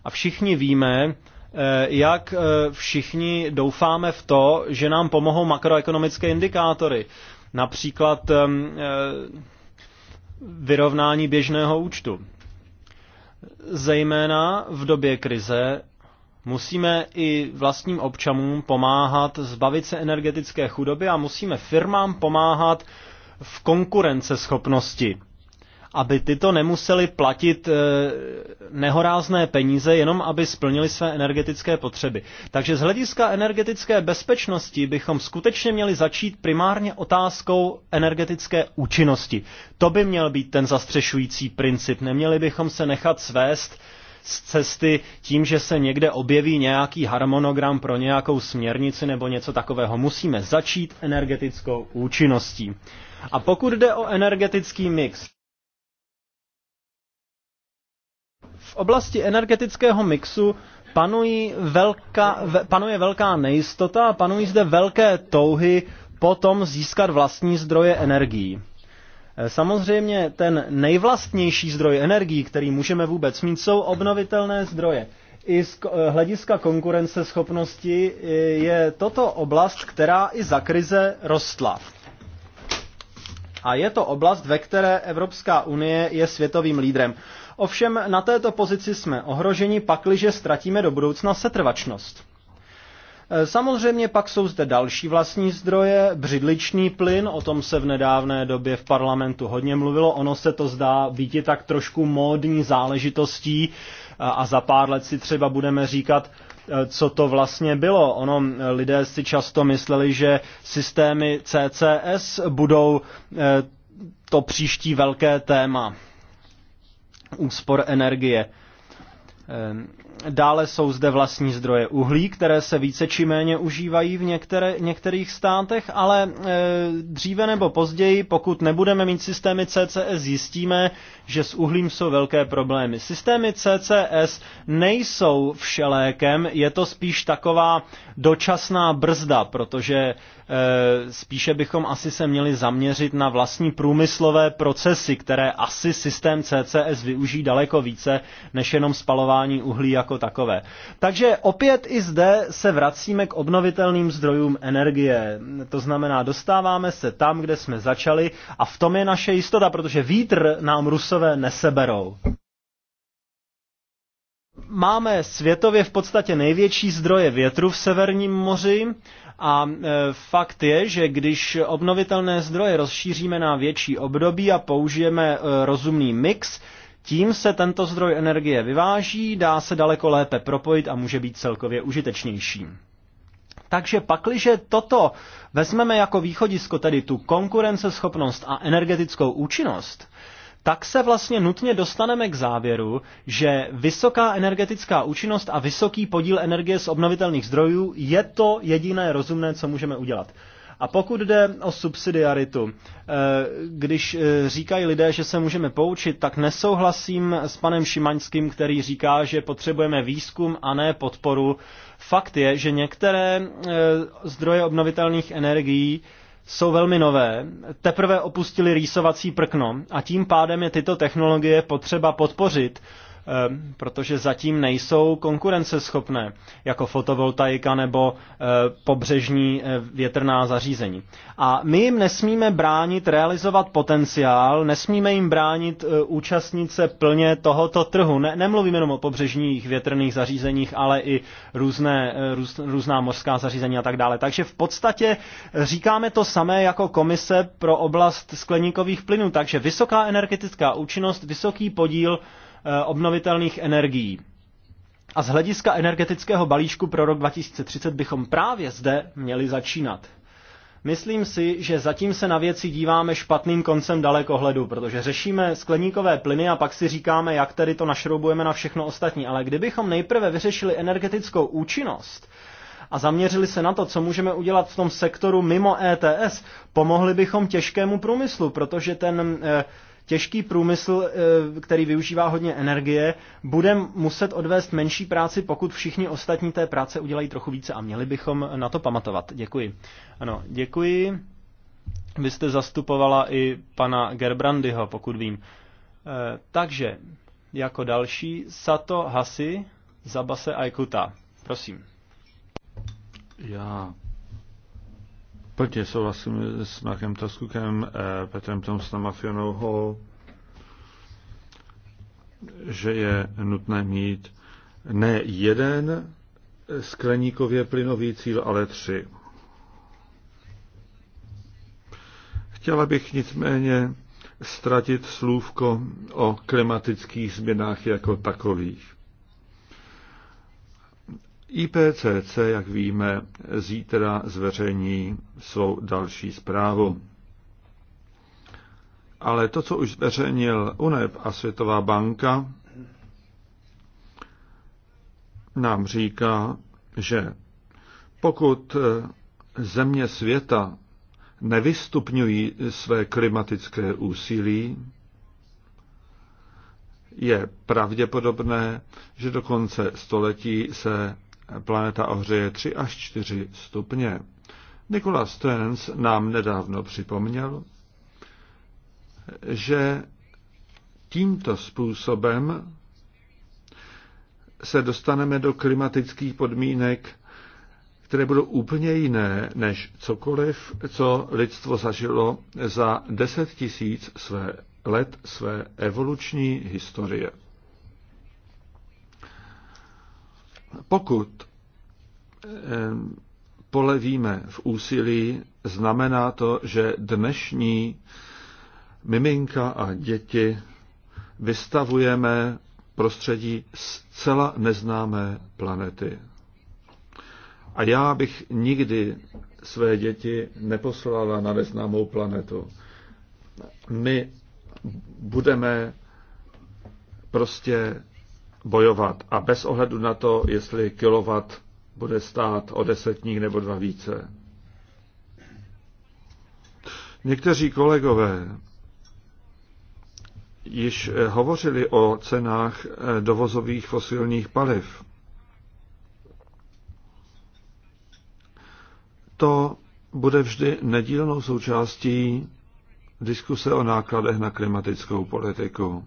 A všichni víme, eh, jak eh, všichni doufáme v to, že nám pomohou makroekonomické indikátory. Například eh, vyrovnání běžného účtu. Zejména v době krize musíme i vlastním občanům pomáhat zbavit se energetické chudoby a musíme firmám pomáhat v konkurenceschopnosti aby tyto nemuseli platit eh, nehorázné peníze, jenom aby splnili své energetické potřeby. Takže z hlediska energetické bezpečnosti bychom skutečně měli začít primárně otázkou energetické účinnosti. To by měl být ten zastřešující princip. Neměli bychom se nechat svést z cesty tím, že se někde objeví nějaký harmonogram pro nějakou směrnici nebo něco takového. Musíme začít energetickou účinností. A pokud jde o energetický mix, V oblasti energetického mixu panují ve, panuje velká nejistota a panují zde velké touhy potom získat vlastní zdroje energií. E, samozřejmě ten nejvlastnější zdroj energií, který můžeme vůbec mít, jsou obnovitelné zdroje. I z e, hlediska konkurenceschopnosti e, je toto oblast, která i za krize rostla. A je to oblast, ve které Evropská unie je světovým lídrem. Ovšem na této pozici jsme ohroženi, pakliže ztratíme do budoucna setrvačnost. E, samozřejmě pak jsou zde další vlastní zdroje, břidličný plyn, o tom se v nedávné době v parlamentu hodně mluvilo, ono se to zdá být tak trošku módní záležitostí e, a za pár let si třeba budeme říkat, e, co to vlastně bylo. Ono, lidé si často mysleli, že systémy CCS budou to příští velké téma úspor energie. Dále jsou zde vlastní zdroje uhlí, které se více či méně užívají v některé, některých státech, ale e, dříve nebo později, pokud nebudeme mít systémy CCS, zjistíme, že s uhlím jsou velké problémy. Systémy CCS nejsou všelékem, je to spíš taková dočasná brzda, protože e, spíše bychom asi se měli zaměřit na vlastní průmyslové procesy, které asi systém CCS využijí daleko více než jenom spalování uhlí jako jako takové. Takže opět i zde se vracíme k obnovitelným zdrojům energie. To znamená, dostáváme se tam, kde jsme začali a v tom je naše jistota, protože vítr nám rusové neseberou. Máme světově v podstatě největší zdroje větru v Severním moři a e, fakt je, že když obnovitelné zdroje rozšíříme na větší období a použijeme e, rozumný mix, tím se tento zdroj energie vyváží, dá se daleko lépe propojit a může být celkově užitečnější. Takže pakliže toto vezmeme jako východisko, tedy tu konkurenceschopnost a energetickou účinnost, tak se vlastně nutně dostaneme k závěru, že vysoká energetická účinnost a vysoký podíl energie z obnovitelných zdrojů je to jediné rozumné, co můžeme udělat. A pokud jde o subsidiaritu, eh, když eh, říkají lidé, že se můžeme poučit, tak nesouhlasím s panem Šimaňským, který říká, že potřebujeme výzkum a ne podporu. Fakt je, že některé eh, zdroje obnovitelných energií jsou velmi nové, teprve opustili rýsovací prkno a tím pádem je tyto technologie potřeba podpořit, Ehm, protože zatím nejsou konkurenceschopné, jako fotovoltaika nebo eh, pobřežní eh, větrná zařízení. A my jim nesmíme bránit realizovat potenciál, nesmíme jim bránit eh, účastnit se plně tohoto trhu. Ne, nemluvím jenom o pobřežních větrných zařízeních, ale i různé, růz, různá mořská zařízení a tak dále. Takže v podstatě říkáme to samé jako komise pro oblast skleníkových plynů, takže vysoká energetická účinnost, vysoký podíl Eh, obnovitelných energií. A z hlediska energetického balíčku pro rok 2030 bychom právě zde měli začínat. Myslím si, že zatím se na věci díváme špatným koncem dalekohledu, protože řešíme skleníkové plyny a pak si říkáme, jak tedy to našroubujeme na všechno ostatní. Ale kdybychom nejprve vyřešili energetickou účinnost a zaměřili se na to, co můžeme udělat v tom sektoru mimo ETS, pomohli bychom těžkému průmyslu, protože ten. Eh, těžký průmysl, eh, který využívá hodně energie, bude muset odvést menší práci, pokud všichni ostatní té práce udělají trochu více a měli bychom na to pamatovat. Děkuji. Ano, děkuji. Vy jste zastupovala i pana Gerbrandyho, pokud vím. Eh, takže jako další Sato Hasi Zabase Aikuta. Prosím. Já Plně souhlasím s Markem Taskukem, eh, Petrem Tomsnem a Fionou Hall, že je nutné mít ne jeden skleníkově plynový cíl, ale tři. Chtěla bych nicméně ztratit slůvko o klimatických změnách jako takových. IPCC, jak víme, zítra zveřejní svou další zprávu. Ale to, co už zveřejnil UNEP a Světová banka, nám říká, že pokud země světa nevystupňují své klimatické úsilí, je pravděpodobné, že do konce století se planeta ohřeje 3 až 4 stupně. Nikola Stearns nám nedávno připomněl, že tímto způsobem se dostaneme do klimatických podmínek, které budou úplně jiné než cokoliv, co lidstvo zažilo za 10 tisíc své let své evoluční historie. Pokud eh, polevíme v úsilí, znamená to, že dnešní miminka a děti vystavujeme prostředí zcela neznámé planety. A já bych nikdy své děti neposlala na neznámou planetu. My budeme prostě bojovat. A bez ohledu na to, jestli kilovat bude stát o desetník nebo dva více. Někteří kolegové již eh, hovořili o cenách eh, dovozových fosilních paliv. To bude vždy nedílnou součástí diskuse o nákladech na klimatickou politiku.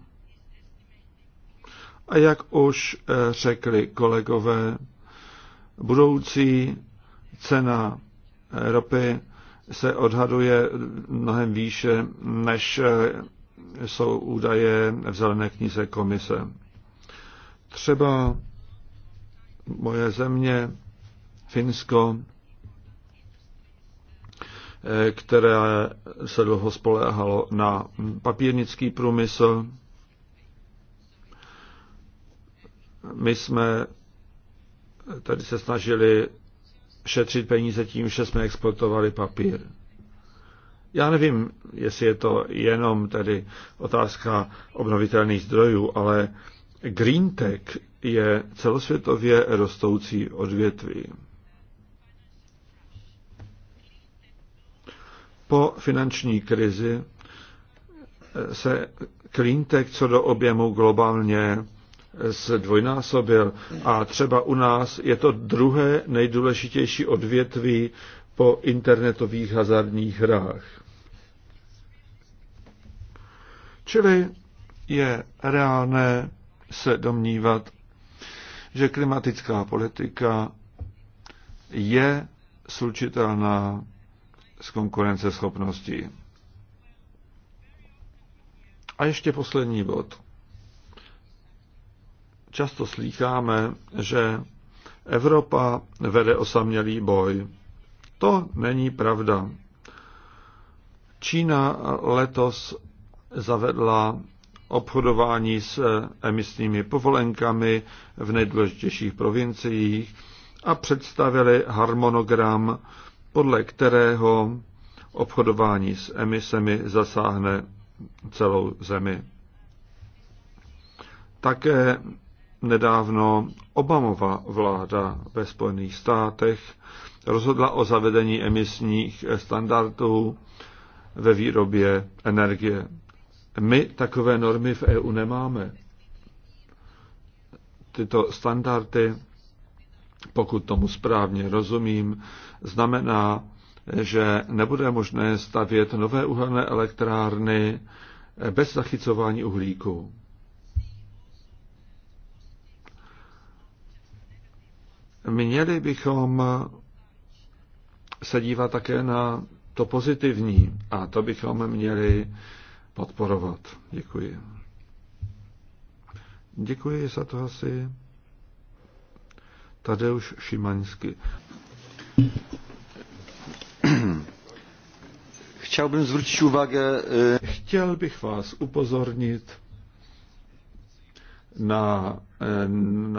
A jak už eh, řekli kolegové, budoucí cena eh, ropy se odhaduje mnohem výše, než eh, jsou údaje v zelené knize komise. Třeba moje země, Finsko, které se dlouho spolehalo na papírnický průmysl, My jsme tady se snažili šetřit peníze tím, že jsme exportovali papír. Já nevím, jestli je to jenom tedy otázka obnovitelných zdrojů, ale green tech je celosvětově rostoucí odvětví. Po finanční krizi se clean tech co do objemu globálně zdvojnásobil. A třeba u nás je to druhé nejdůležitější odvětví po internetových hazardních hrách. Čili je reálné se domnívat, že klimatická politika je slučitelná s konkurenceschopností. A ještě poslední bod. Často slýcháme, že Evropa vede osamělý boj. To není pravda. Čína letos zavedla obchodování s emisními povolenkami v nejdůležitějších provinciích a představili harmonogram, podle kterého obchodování s emisemi zasáhne celou zemi. Také nedávno Obamova vláda ve Spojených státech rozhodla o zavedení emisních standardů ve výrobě energie. My takové normy v EU nemáme. Tyto standardy, pokud tomu správně rozumím, znamená, že nebude možné stavět nové uhelné elektrárny bez zachycování uhlíku. Měli bychom se dívat také na to pozitivní a to bychom měli podporovat. Děkuji. Děkuji za to asi. Tadeusz Šimaňsky. Chtěl bych zvrátit uwagę. Chtěl bych vás upozornit Eh, na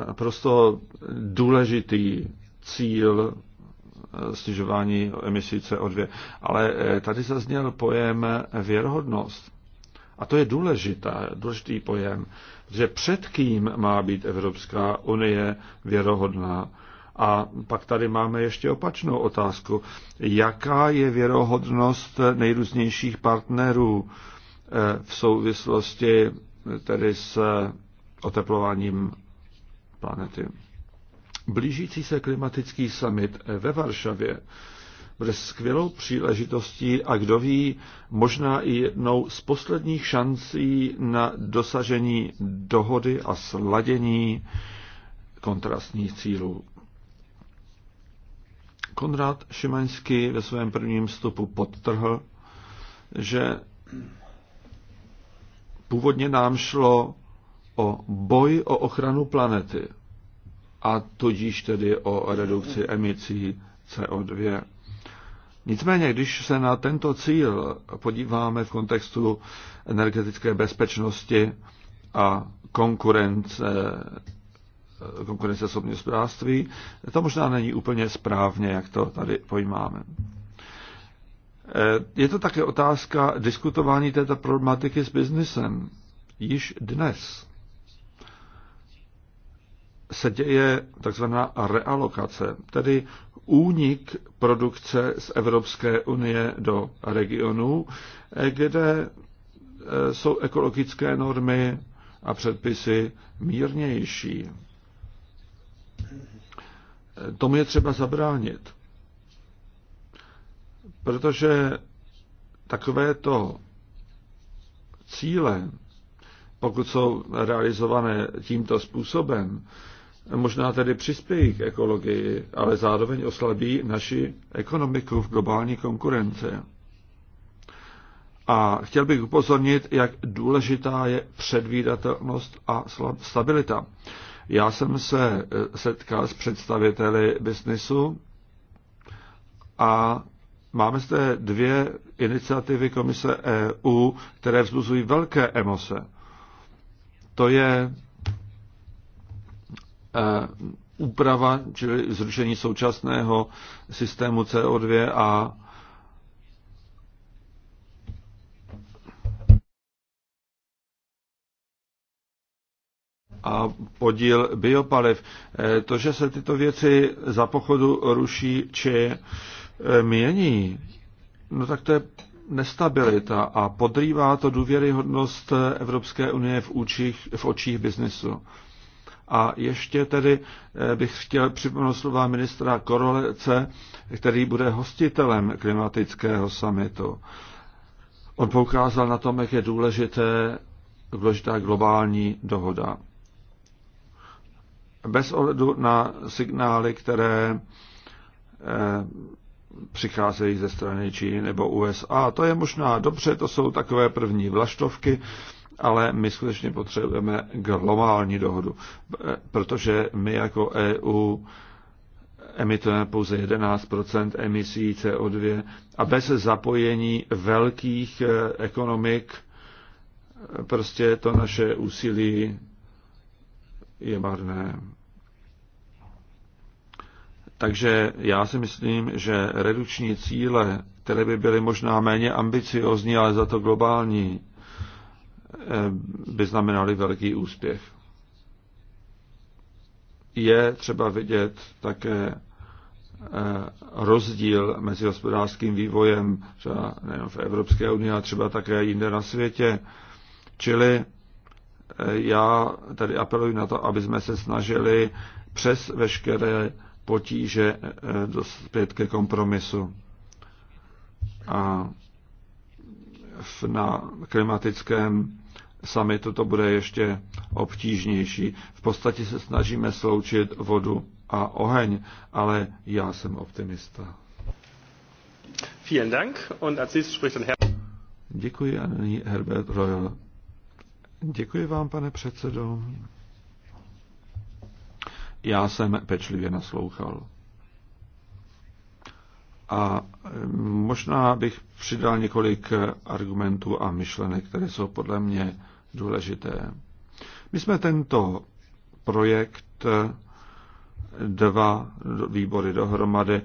naprosto důležitý cíl eh, snižování emisí CO2. Ale eh, tady zazněl pojem věrohodnost. A to je důležitá, důležitý pojem, že před kým má být Evropská unie věrohodná. A pak tady máme ještě opačnou otázku. Jaká je věrohodnost nejrůznějších partnerů v souvislosti tedy s oteplováním planety. Blížící se klimatický summit ve Varšavě bude skvělou příležitostí a kdo ví, možná i jednou z posledních šancí na dosažení dohody a sladění kontrastních cílů. Konrad Šimaňský ve svém prvním vstupu podtrhl, že původně nám šlo o boj o ochranu planety a tudíž tedy o redukci emisí CO2. Nicméně, když se na tento cíl podíváme v kontextu energetické bezpečnosti a konkurence, konkurence konkurenceschopného hospodářství, to možná není úplně správně, jak to tady pojímáme. E, je to také otázka diskutování této problematiky s biznesem. Již dnes se děje takzvaná realokace, tedy únik produkce z Evropské unie do regionů, kde e, jsou ekologické normy a předpisy mírnější. E, tomu je třeba zabránit, protože takovéto cíle, pokud jsou realizované tímto způsobem, možná tedy přispějí k ekologii, ale zároveň oslabí naši ekonomiku v globální konkurenci. A chtěl bych upozornit, jak důležitá je předvídatelnost a stabilita. Já jsem se eh, setkal s představiteli biznisu a máme zde dvě iniciativy Komise EU, které vzbuzují velké emoce. To je úprava, čili zrušení současného systému CO2 a a podíl biopaliv. E, to, že se tyto věci za pochodu ruší či e, mění, no tak to je nestabilita a podrývá to důvěryhodnost Evropské unie v, účích, v očích biznesu. A ještě tedy eh, bych chtěl připomenout slova ministra Korolece, který bude hostitelem klimatického samitu. On poukázal na tom, jak je důležité, důležitá globální dohoda. Bez ohledu na signály, které eh, přicházejí ze strany Číny nebo USA. To je možná dobře, to jsou takové první vlaštovky, ale my skutečně potřebujeme globální dohodu, protože my jako EU emitujeme pouze 11 emisí CO2 a bez zapojení velkých eh, ekonomik eh, prostě to naše úsilí je marné. Takže já si myslím, že redukční cíle, které by byly možná méně ambiciozní, ale za to globální, Eh, by znamenaly velký úspěch. Je třeba vidět také eh, rozdíl mezi hospodářským vývojem třeba nejen v Evropské unii, ale třeba také jinde na světě. Čili eh, já tady apeluji na to, aby jsme se snažili přes veškeré potíže dospět ke kompromisu. A na klimatickém sami toto bude ještě obtížnější. V podstatě se snažíme sloučit vodu a oheň, ale já jsem optimista. Vielen Dank und als nächstes spricht Herr Děkuji a nyní Herbert Royal. Děkuji vám, pane předsedo. Já jsem pečlivě naslouchal. A e, možná bych přidal několik argumentů a myšlenek, které jsou podle mě důležité. My jsme tento projekt e, dva výbory dohromady e,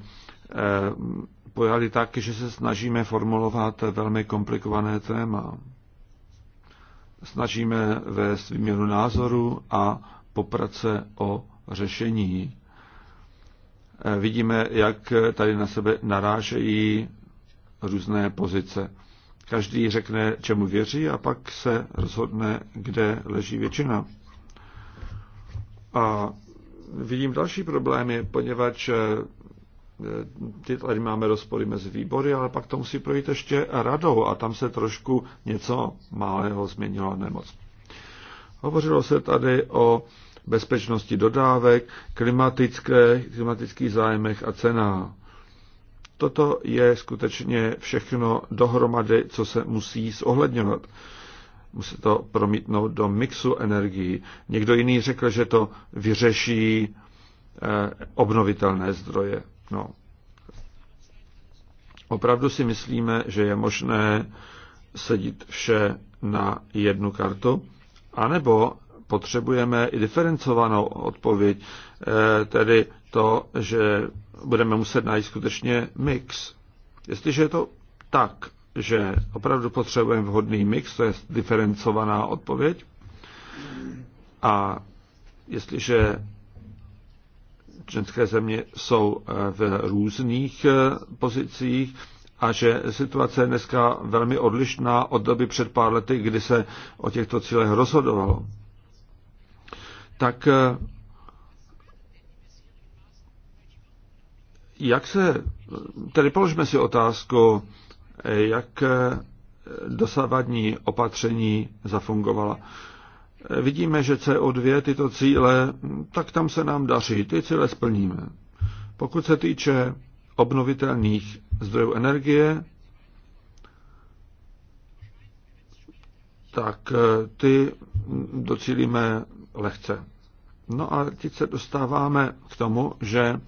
pojali tak, že se snažíme formulovat velmi komplikované téma. Snažíme vést výměnu názoru a poprat se o řešení vidíme, jak tady na sebe narážejí různé pozice. Každý řekne, čemu věří a pak se rozhodne, kde leží většina. A vidím další problémy, poněvadž eh, ty tady máme rozpory mezi výbory, ale pak to musí projít ještě radou a tam se trošku něco malého změnilo nemoc. Hovořilo se tady o bezpečnosti dodávek, klimatické, klimatických zájmech a cenách. Toto je skutečně všechno dohromady, co se musí zohledňovat. Musí to promítnout do mixu energií. Někdo jiný řekl, že to vyřeší eh, obnovitelné zdroje. No. Opravdu si myslíme, že je možné sedit vše na jednu kartu, anebo potřebujeme i diferencovanou odpověď, eh, tedy to, že budeme muset najít skutečně mix. Jestliže je to tak, že opravdu potřebujeme vhodný mix, to je diferencovaná odpověď, a jestliže členské země jsou eh, v různých eh, pozicích a že situace je dneska velmi odlišná od doby před pár lety, kdy se o těchto cílech rozhodovalo tak eh, jak se, tedy položme si otázku, jak eh, dosavadní opatření zafungovala. Vidíme, že CO2 tyto cíle, tak tam se nám daří, ty cíle splníme. Pokud se týče obnovitelných zdrojů energie, tak eh, ty docílíme lehce. No a teď se dostáváme k tomu, že eh,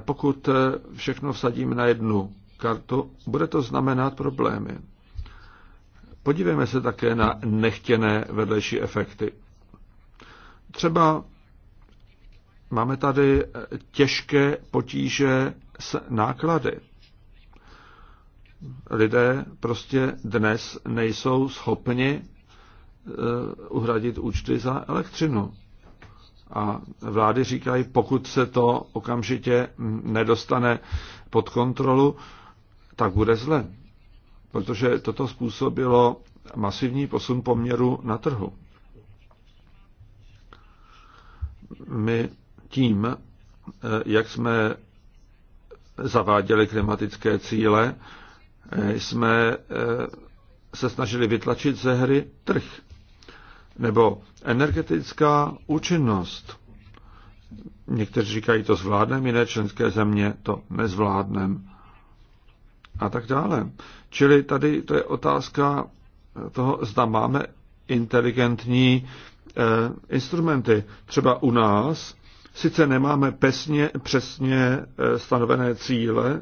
pokud eh, všechno vsadíme na jednu kartu, bude to znamenat problémy. Podívejme se také na nechtěné vedlejší efekty. Třeba máme tady eh, těžké potíže s náklady. Lidé prostě dnes nejsou schopni uhradit účty za elektřinu. A vlády říkají, pokud se to okamžitě nedostane pod kontrolu, tak bude zle. Protože toto způsobilo masivní posun poměru na trhu. My tím, eh, jak jsme zaváděli klimatické cíle, eh, jsme eh, se snažili vytlačit ze hry trh nebo energetická účinnost. Někteří říkají, to zvládneme, jiné členské země to nezvládneme. A tak dále. Čili tady to je otázka toho, zda máme inteligentní eh, instrumenty. Třeba u nás sice nemáme pesně, přesně eh, stanovené cíle,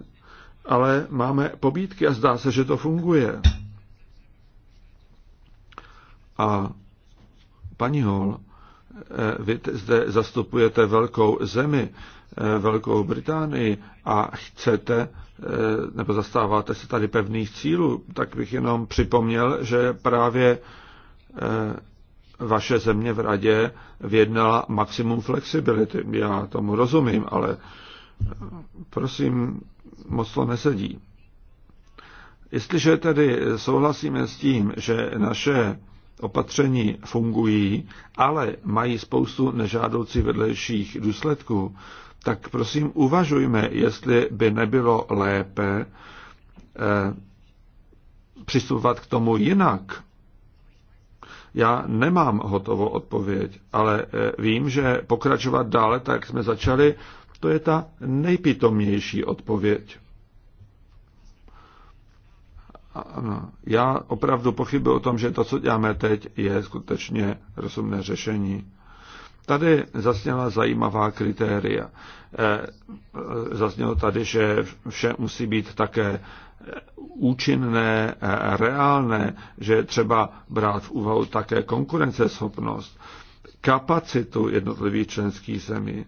ale máme pobídky a zdá se, že to funguje. A Paní Hall, eh, vy zde zastupujete velkou zemi, eh, Velkou Británii a chcete eh, nebo zastáváte se tady pevných cílů, tak bych jenom připomněl, že právě vaše země v radě vyjednala maximum flexibility. Já tomu rozumím, ale prosím, moc to nesedí. Jestliže tedy souhlasíme s tím, že naše opatření fungují, ale mají spoustu nežádoucí vedlejších důsledků, tak prosím uvažujme, jestli by nebylo lépe eh, přistupovat k tomu jinak. Já nemám hotovou odpověď, ale eh, vím, že pokračovat dále, tak jsme začali, to je ta nejpitomnější odpověď já opravdu pochybuji o tom, že to, co děláme teď, je skutečně rozumné řešení. Tady zazněla zajímavá kritéria. Eh, eh, zaznělo tady, že vše musí být také eh, účinné, reálné, že třeba brát v úvahu také konkurenceschopnost, kapacitu jednotlivých členských zemí.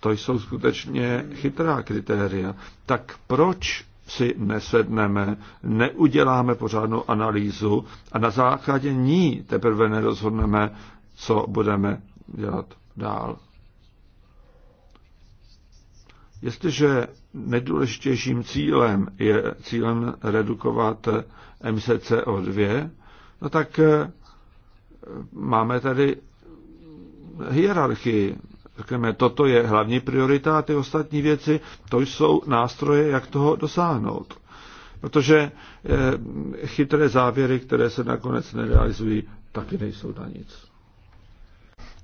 To jsou skutečně chytrá kritéria. Tak proč si nesedneme, neuděláme pořádnou analýzu a na základě ní teprve nerozhodneme, co budeme dělat dál. Jestliže nejdůležitějším cílem je cílem redukovat emise CO2, no tak eh, máme tady hierarchii Řekneme, toto je hlavní priorita a ty ostatní věci, to jsou nástroje, jak toho dosáhnout. Protože eh, chytré závěry, které se nakonec nerealizují, taky nejsou na nic.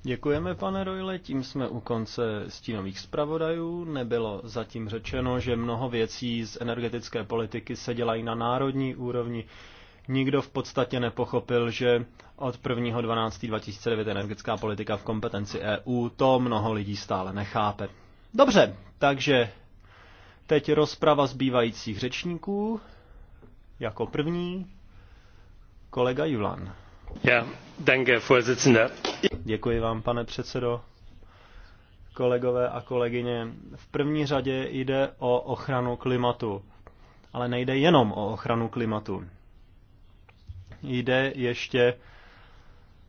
Děkujeme, pane Rojle, tím jsme u konce stínových zpravodajů. Nebylo zatím řečeno, že mnoho věcí z energetické politiky se dělají na národní úrovni nikdo v podstatě nepochopil, že od 1.12.2009 energetická politika v kompetenci EU, to mnoho lidí stále nechápe. Dobře, takže teď rozprava zbývajících řečníků. Jako první kolega Julan. Ja, danke, Vorsitzender. Děkuji vám, pane předsedo. Kolegové a kolegyně, v první řadě jde o ochranu klimatu. Ale nejde jenom o ochranu klimatu jde ještě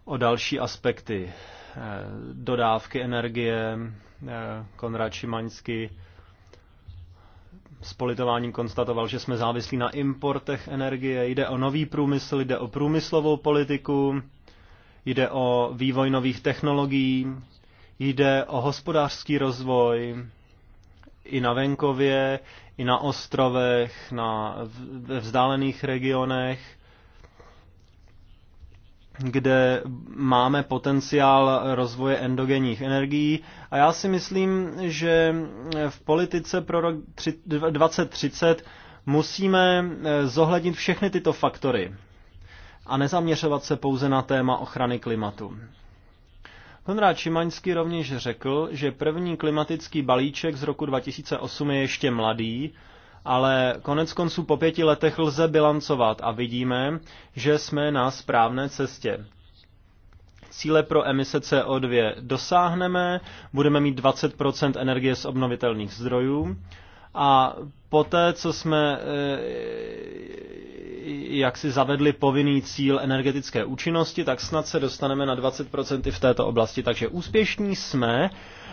o další aspekty. Eh, dodávky energie, eh, Konrad Šimaňský s politováním konstatoval, že jsme závislí na importech energie. Jde o nový průmysl, jde o průmyslovou politiku, jde o vývoj nových technologií, jde o hospodářský rozvoj i na venkově, i na ostrovech, na, ve vzdálených regionech kde máme potenciál rozvoje endogenních energií. A já si myslím, že v politice pro rok 2030 musíme eh, zohlednit všechny tyto faktory a nezaměřovat se pouze na téma ochrany klimatu. Konrád Šimaňský rovněž řekl, že první klimatický balíček z roku 2008 je ještě mladý ale konec konců po pěti letech lze bilancovat a vidíme, že jsme na správné cestě. Cíle pro emise CO2 dosáhneme, budeme mít 20 energie z obnovitelných zdrojů a poté, co jsme eh, jak si zavedli povinný cíl energetické účinnosti, tak snad se dostaneme na 20% i v této oblasti. Takže úspěšní jsme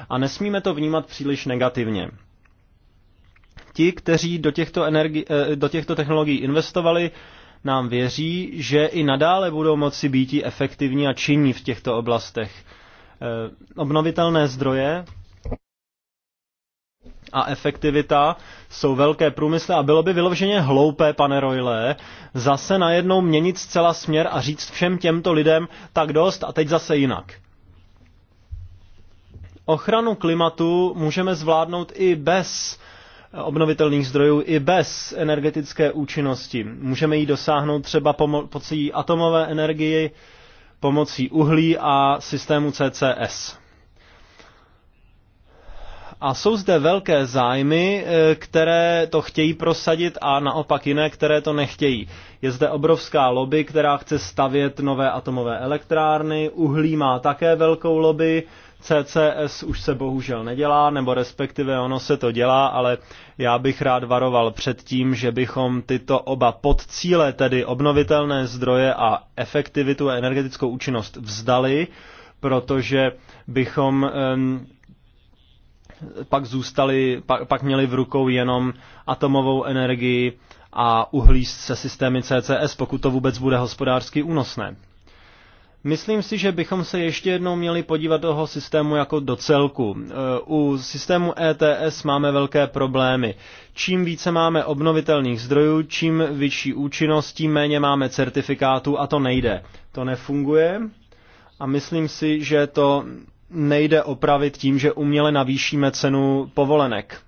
a nesmíme to vnímat příliš negativně ti, kteří do těchto, energi- eh, do těchto technologií investovali, nám věří, že i nadále budou moci být efektivní a činní v těchto oblastech. Eh, obnovitelné zdroje a efektivita jsou velké průmysly a bylo by vyloženě hloupé, pane Royle, zase najednou měnit zcela směr a říct všem těmto lidem tak dost a teď zase jinak. Ochranu klimatu můžeme zvládnout i bez obnovitelných zdrojů i bez energetické účinnosti. Můžeme ji dosáhnout třeba pomocí atomové energie, pomocí uhlí a systému CCS. A jsou zde velké zájmy, eh, které to chtějí prosadit a naopak jiné, které to nechtějí. Je zde obrovská lobby, která chce stavět nové atomové elektrárny, uhlí má také velkou lobby, CCS už se bohužel nedělá, nebo respektive ono se to dělá, ale já bych rád varoval před tím, že bychom tyto oba podcíle, tedy obnovitelné zdroje a efektivitu a energetickou účinnost vzdali, protože bychom pak zůstali, pak, pak měli v rukou jenom atomovou energii a uhlí se systémy CCS, pokud to vůbec bude hospodářsky únosné. Myslím si, že bychom se ještě jednou měli podívat toho systému jako do celku. E, u systému ETS máme velké problémy. Čím více máme obnovitelných zdrojů, čím vyšší účinnost, tím méně máme certifikátů a to nejde. To nefunguje a myslím si, že to nejde opravit tím, že uměle navýšíme cenu povolenek.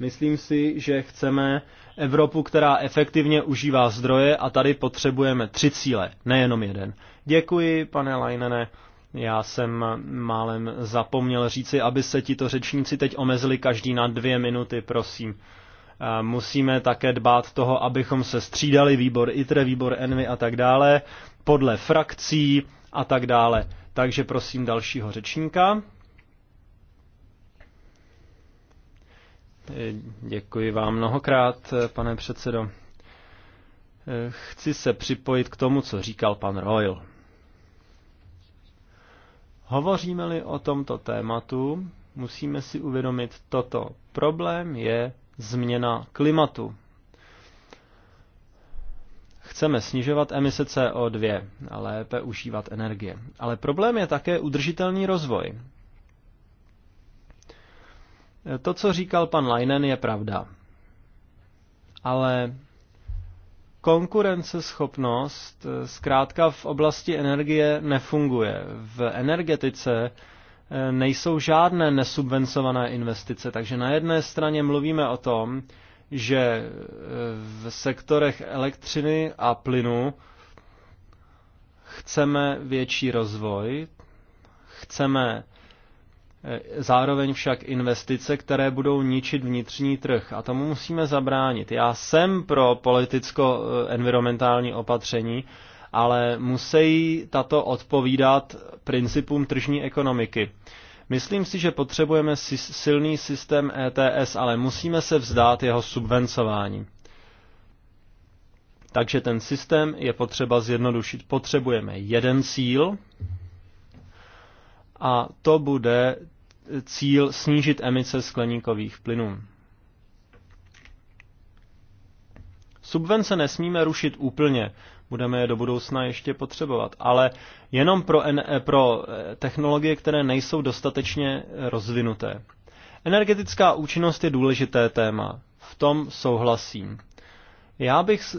Myslím si, že chceme Evropu, která efektivně užívá zdroje a tady potřebujeme tři cíle, nejenom jeden. Děkuji, pane Leinene. Já jsem málem zapomněl říci, aby se tito řečníci teď omezili každý na dvě minuty, prosím. Musíme také dbát toho, abychom se střídali, výbor ITRE, výbor ENVY a tak dále, podle frakcí a tak dále. Takže prosím dalšího řečníka. Děkuji vám mnohokrát, pane předsedo. Chci se připojit k tomu, co říkal pan Royal. Hovoříme-li o tomto tématu, musíme si uvědomit toto. Problém je změna klimatu. Chceme snižovat emise CO2 a lépe užívat energie. Ale problém je také udržitelný rozvoj. To, co říkal pan Leinen, je pravda. Ale konkurenceschopnost eh, zkrátka v oblasti energie nefunguje. V energetice eh, nejsou žádné nesubvencované investice, takže na jedné straně mluvíme o tom, že eh, v sektorech elektřiny a plynu chceme větší rozvoj, chceme zároveň však investice, které budou ničit vnitřní trh. A tomu musíme zabránit. Já jsem pro politicko-environmentální eh, opatření, ale musí tato odpovídat principům tržní ekonomiky. Myslím si, že potřebujeme silný systém ETS, ale musíme se vzdát jeho subvencování. Takže ten systém je potřeba zjednodušit. Potřebujeme jeden cíl, a to bude cíl snížit emise skleníkových plynů. Subvence nesmíme rušit úplně, budeme je do budoucna ještě potřebovat, ale jenom pro, eh, pro eh, technologie, které nejsou dostatečně eh, rozvinuté. Energetická účinnost je důležité téma, v tom souhlasím. Já bych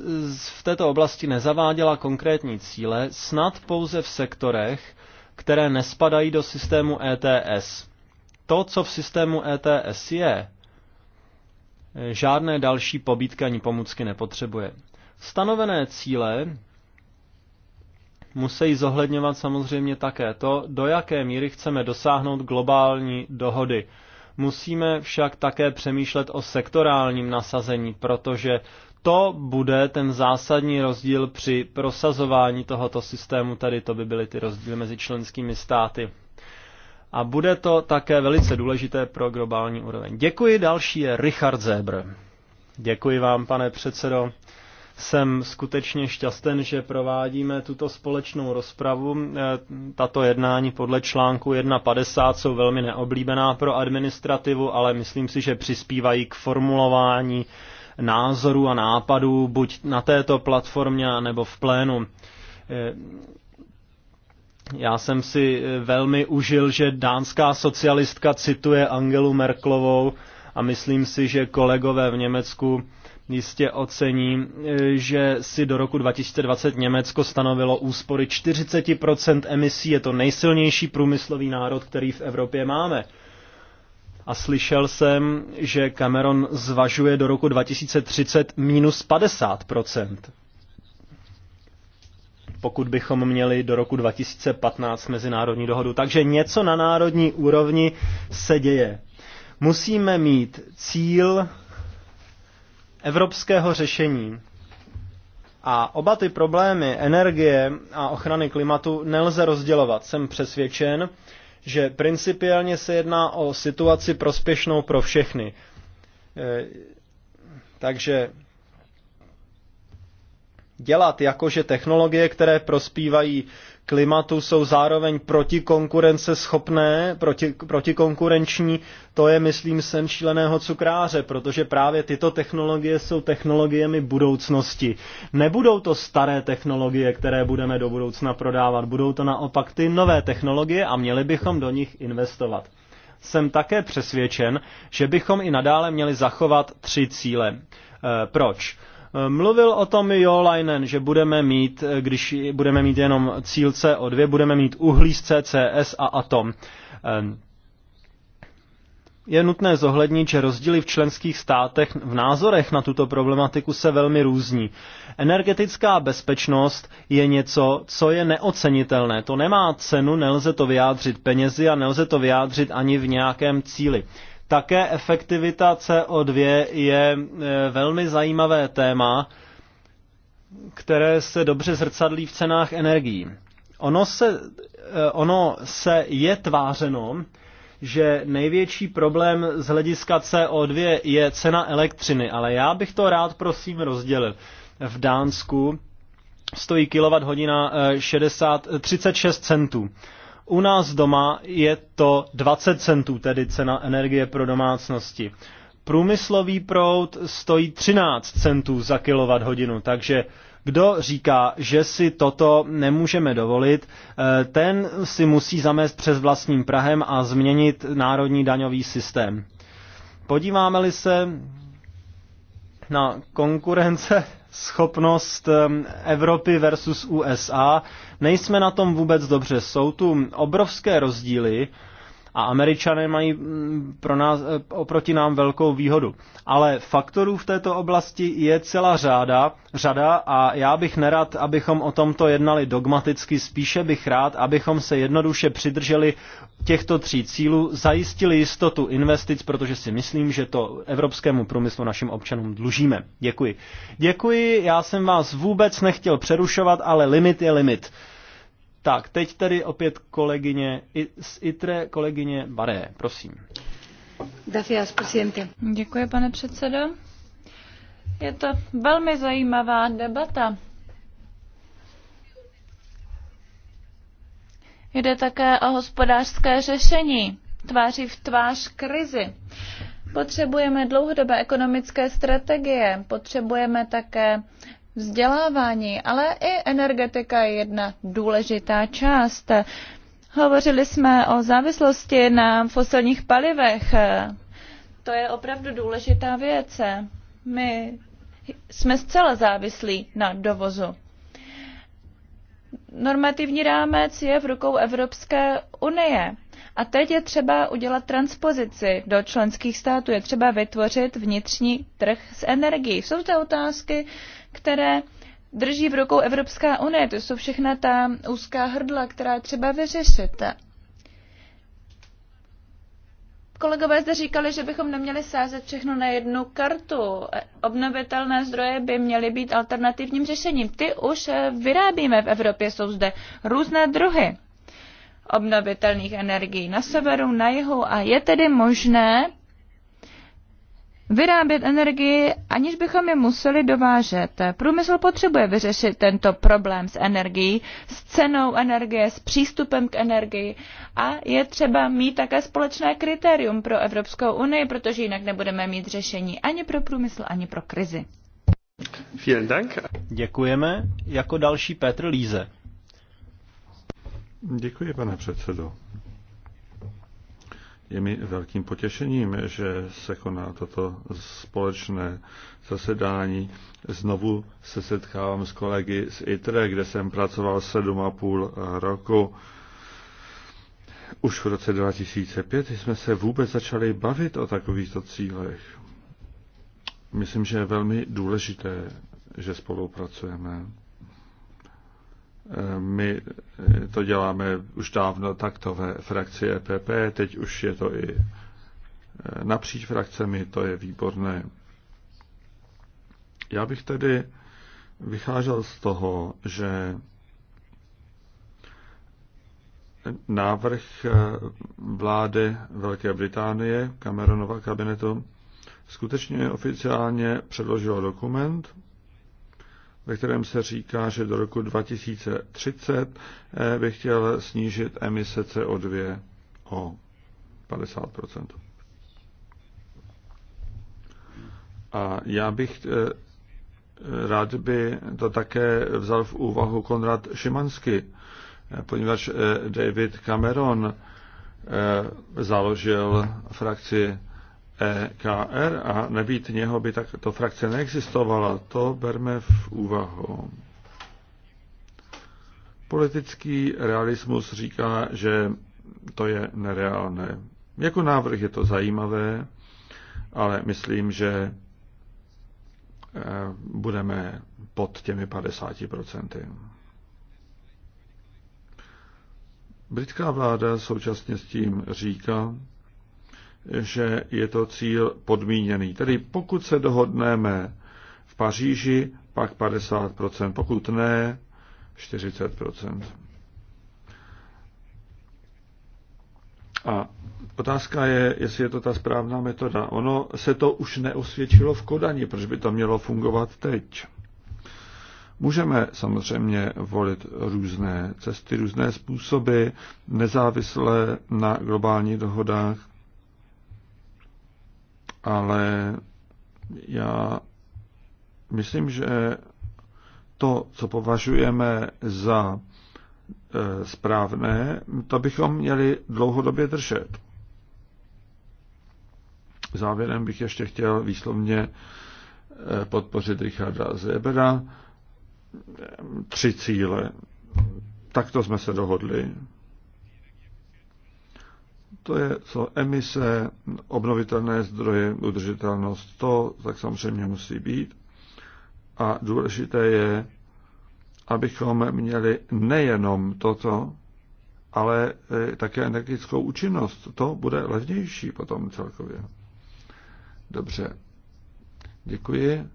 v této oblasti nezaváděla konkrétní cíle, snad pouze v sektorech, které nespadají do systému ETS to, co v systému ETS je, žádné další pobídky ani pomůcky nepotřebuje. Stanovené cíle musí zohledňovat samozřejmě také to, do jaké míry chceme dosáhnout globální dohody. Musíme však také přemýšlet o sektorálním nasazení, protože to bude ten zásadní rozdíl při prosazování tohoto systému, tady to by byly ty rozdíly mezi členskými státy a bude to také velice důležité pro globální úroveň. Děkuji, další je Richard Zebr. Děkuji vám, pane předsedo. Jsem skutečně šťastný, že provádíme tuto společnou rozpravu. Tato jednání podle článku 1.50 jsou velmi neoblíbená pro administrativu, ale myslím si, že přispívají k formulování názorů a nápadů buď na této platformě nebo v plénu já jsem si eh, velmi užil, že dánská socialistka cituje Angelu Merklovou a myslím si, že kolegové v Německu jistě ocení, eh, že si do roku 2020 Německo stanovilo úspory 40% emisí. Je to nejsilnější průmyslový národ, který v Evropě máme. A slyšel jsem, že Cameron zvažuje do roku 2030 minus 50% pokud bychom měli do roku 2015 mezinárodní dohodu. Takže něco na národní úrovni se děje. Musíme mít cíl evropského řešení. A oba ty problémy energie a ochrany klimatu nelze rozdělovat. Jsem přesvědčen, že principiálně se jedná o situaci prospěšnou pro všechny. E, takže dělat, jakože technologie, které prospívají klimatu, jsou zároveň protikonkurenceschopné, proti, protikonkurenční, to je, myslím, sen šíleného cukráře, protože právě tyto technologie jsou technologiemi budoucnosti. Nebudou to staré technologie, které budeme do budoucna prodávat, budou to naopak ty nové technologie a měli bychom do nich investovat. Jsem také přesvědčen, že bychom i nadále měli zachovat tři cíle. E, proč? Mluvil o tom Jo Leinen, že budeme mít, eh, když budeme mít jenom cíl CO2, budeme mít uhlí z CCS a atom. Ehm, je nutné zohlednit, že rozdíly v členských státech v názorech na tuto problematiku se velmi různí. Energetická bezpečnost je něco, co je neocenitelné. To nemá cenu, nelze to vyjádřit penězi a nelze to vyjádřit ani v nějakém cíli. Také efektivita CO2 je e, velmi zajímavé téma, které se dobře zrcadlí v cenách energií. Ono se, e, ono se je tvářeno, že největší problém z hlediska CO2 je cena elektřiny, ale já bych to rád prosím rozdělil. V Dánsku stojí kWh 36 e, centů. U nás doma je to 20 centů, tedy cena energie pro domácnosti. Průmyslový proud stojí 13 centů za kilowat-hodinu. takže kdo říká, že si toto nemůžeme dovolit, eh, ten si musí zamést přes vlastním Prahem a změnit národní daňový systém. Podíváme-li se na konkurence (laughs) schopnost eh, Evropy versus USA, Nejsme na tom vůbec dobře. Jsou tu obrovské rozdíly a američané mají mm, pro nás, eh, oproti nám velkou výhodu. Ale faktorů v této oblasti je celá řáda, řada a já bych nerad, abychom o tomto jednali dogmaticky, spíše bych rád, abychom se jednoduše přidrželi těchto tří cílů, zajistili jistotu investic, protože si myslím, že to evropskému průmyslu našim občanům dlužíme. Děkuji. Děkuji, já jsem vás vůbec nechtěl přerušovat, ale limit je limit. Tak, teď tady opět kolegyně z ITRE, kolegyně Baré, prosím. Děkuji, pane předsedo. Je to velmi zajímavá debata. Jde také o hospodářské řešení tváří v tvář krizi. Potřebujeme dlouhodobé ekonomické strategie, potřebujeme také vzdělávání, ale i energetika je jedna důležitá část. Hovořili jsme o závislosti na fosilních palivech. To je opravdu důležitá věc. My jsme zcela závislí na dovozu. Normativní rámec je v rukou Evropské unie. A teď je třeba udělat transpozici do členských států, je třeba vytvořit vnitřní trh s energií. Jsou to otázky, které drží v rukou Evropská unie. To jsou všechna ta úzká hrdla, která třeba vyřešit. Kolegové zde říkali, že bychom neměli sázet všechno na jednu kartu. Obnovitelné zdroje by měly být alternativním řešením. Ty už vyrábíme v Evropě, jsou zde různé druhy obnovitelných energií na severu, na jihu a je tedy možné vyrábět energii, aniž bychom je museli dovážet. Průmysl potřebuje vyřešit tento problém s energií, s cenou energie, s přístupem k energii a je třeba mít také společné kritérium pro Evropskou unii, protože jinak nebudeme mít řešení ani pro průmysl, ani pro krizi. Vielen Dank. Děkujeme. Jako další Petr Líze. Děkuji, pane předsedo. Je mi velkým potěšením, že se koná toto společné zasedání. Znovu se setkávám s kolegy z ITRE, kde jsem pracoval 7,5 roku. Už v roce 2005 jsme se vůbec začali bavit o takovýchto cílech. Myslím, že je velmi důležité, že spolupracujeme. My to děláme už dávno takto ve frakci EPP, teď už je to i napříč frakcemi, to je výborné. Já bych tedy vycházel z toho, že návrh vlády Velké Británie, Cameronova kabinetu, skutečně oficiálně předložilo dokument, ve kterém se říká, že do roku 2030 eh, by chtěl snížit emise CO2 o 50 A já bych eh, eh, rád by to také vzal v úvahu Konrad Šimansky, poněvadž David Cameron založil frakci EKR a nebýt něho by takto frakce neexistovala. To berme v úvahu. Politický realismus říká, že to je nereálné. Jako návrh je to zajímavé, ale myslím, že e, budeme pod těmi 50%. Britská vláda současně s tím říká, že je to cíl podmíněný. Tedy pokud se dohodneme v Paříži, pak 50%, pokud ne, 40%. A otázka je, jestli je to ta správná metoda. Ono se to už neosvědčilo v Kodani, proč by to mělo fungovat teď? Můžeme samozřejmě volit různé cesty, různé způsoby, nezávisle na globálních dohodách, ale já myslím, že to, co považujeme za e, správné, to bychom měli dlouhodobě držet. Závěrem bych ještě chtěl výslovně e, podpořit Richarda Zebera. Tři cíle. Takto jsme se dohodli. To je co emise, obnovitelné zdroje, udržitelnost, to tak samozřejmě musí být. A důležité je, abychom měli nejenom toto, ale e, také energetickou účinnost. To bude levnější potom celkově. Dobře. Děkuji.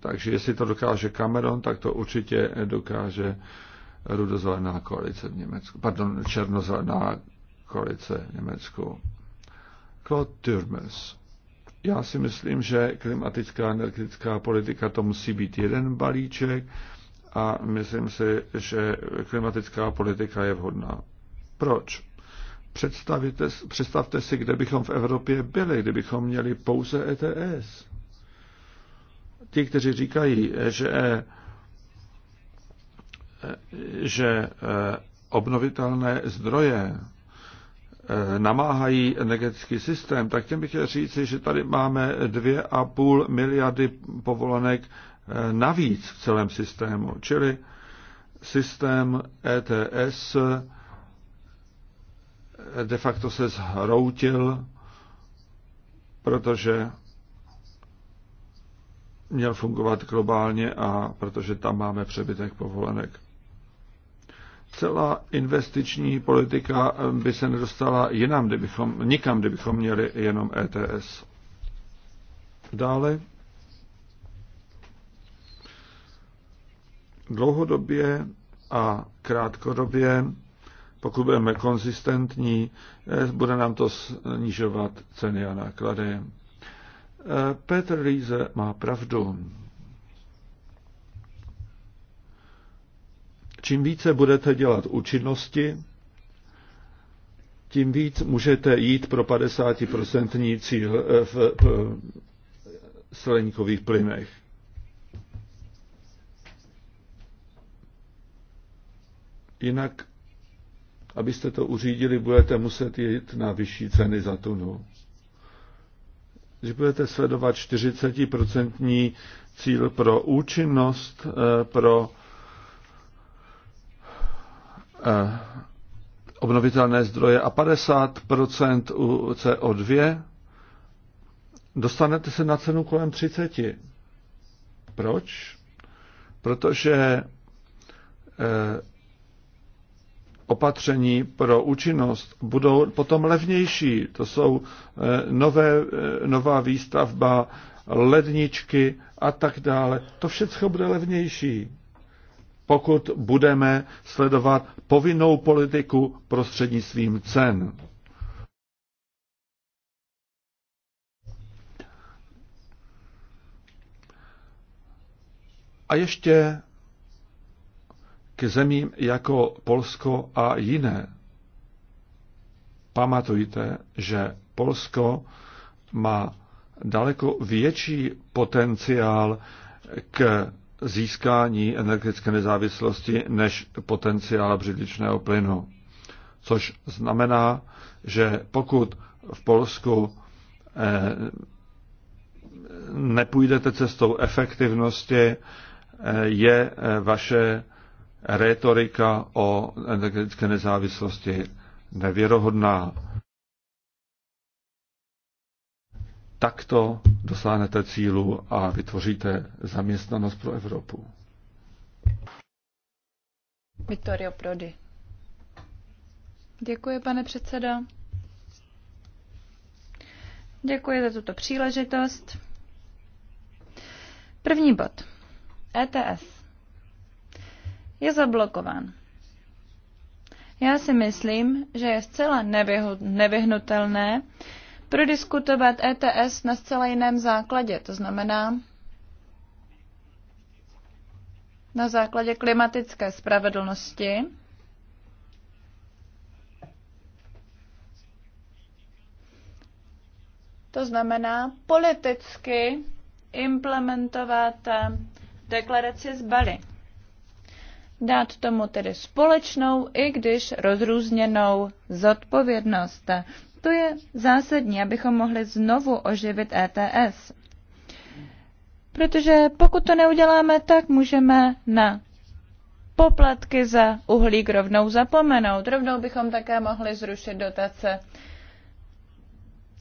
Takže jestli to dokáže Cameron, tak to určitě dokáže rudozelená koalice v Německu. Pardon, černozelená koalice Německou, Německu. Claude Turmes. Já si myslím, že klimatická a energetická politika to musí být jeden balíček a myslím si, že klimatická politika je vhodná. Proč? Představte, představte si, kde bychom v Evropě byli, kdybychom měli pouze ETS. Ti, kteří říkají, že, že eh, obnovitelné zdroje Eh, namáhají energetický systém, tak těm bych chtěl říci, že tady máme 2,5 miliardy povolenek eh, navíc v celém systému, čili systém ETS eh, de facto se zhroutil, protože měl fungovat globálně a protože tam máme přebytek povolenek celá investiční politika eh, by se nedostala jinam, kdybychom, nikam, kdybychom měli jenom ETS. Dále dlouhodobě a krátkodobě, pokud budeme konzistentní, eh, bude nám to snižovat ceny a náklady. Eh, Petr Líze má pravdu. Čím více budete dělat účinnosti, tím víc můžete jít pro 50% cíl eh, v, sleníkových plynech. Jinak, abyste to uřídili, budete muset jít na vyšší ceny za tunu. Když budete sledovat 40% cíl pro účinnost, eh, pro Eh, obnovitelné zdroje a 50 u CO2, dostanete se na cenu kolem 30. Proč? Protože eh, opatření pro účinnost budou potom levnější. To jsou eh, nové, nová výstavba, ledničky a tak dále. To všechno bude levnější pokud budeme sledovat povinnou politiku prostřednictvím cen. A ještě k zemím jako Polsko a jiné. Pamatujte, že Polsko má daleko větší potenciál k získání energetické nezávislosti než potenciál břidličného plynu. Což znamená, že pokud v Polsku eh, nepůjdete cestou efektivnosti, eh, je eh, vaše rétorika o energetické nezávislosti nevěrohodná. takto dosáhnete cílu a vytvoříte zaměstnanost pro Evropu. Vittorio Prodi. Děkuji, pane předseda. Děkuji za tuto příležitost. První bod. ETS. Je zablokován. Já si myslím, že je zcela nevyhnutelné, prodiskutovat ETS na zcela jiném základě, to znamená na základě klimatické spravedlnosti, To znamená politicky implementovat eh, deklaraci z Bali. Dát tomu tedy společnou, i když rozrůzněnou zodpovědnost. To je zásadní, abychom mohli znovu oživit ETS. Protože pokud to neuděláme, tak můžeme na poplatky za uhlík rovnou zapomenout. Rovnou bychom také mohli zrušit dotace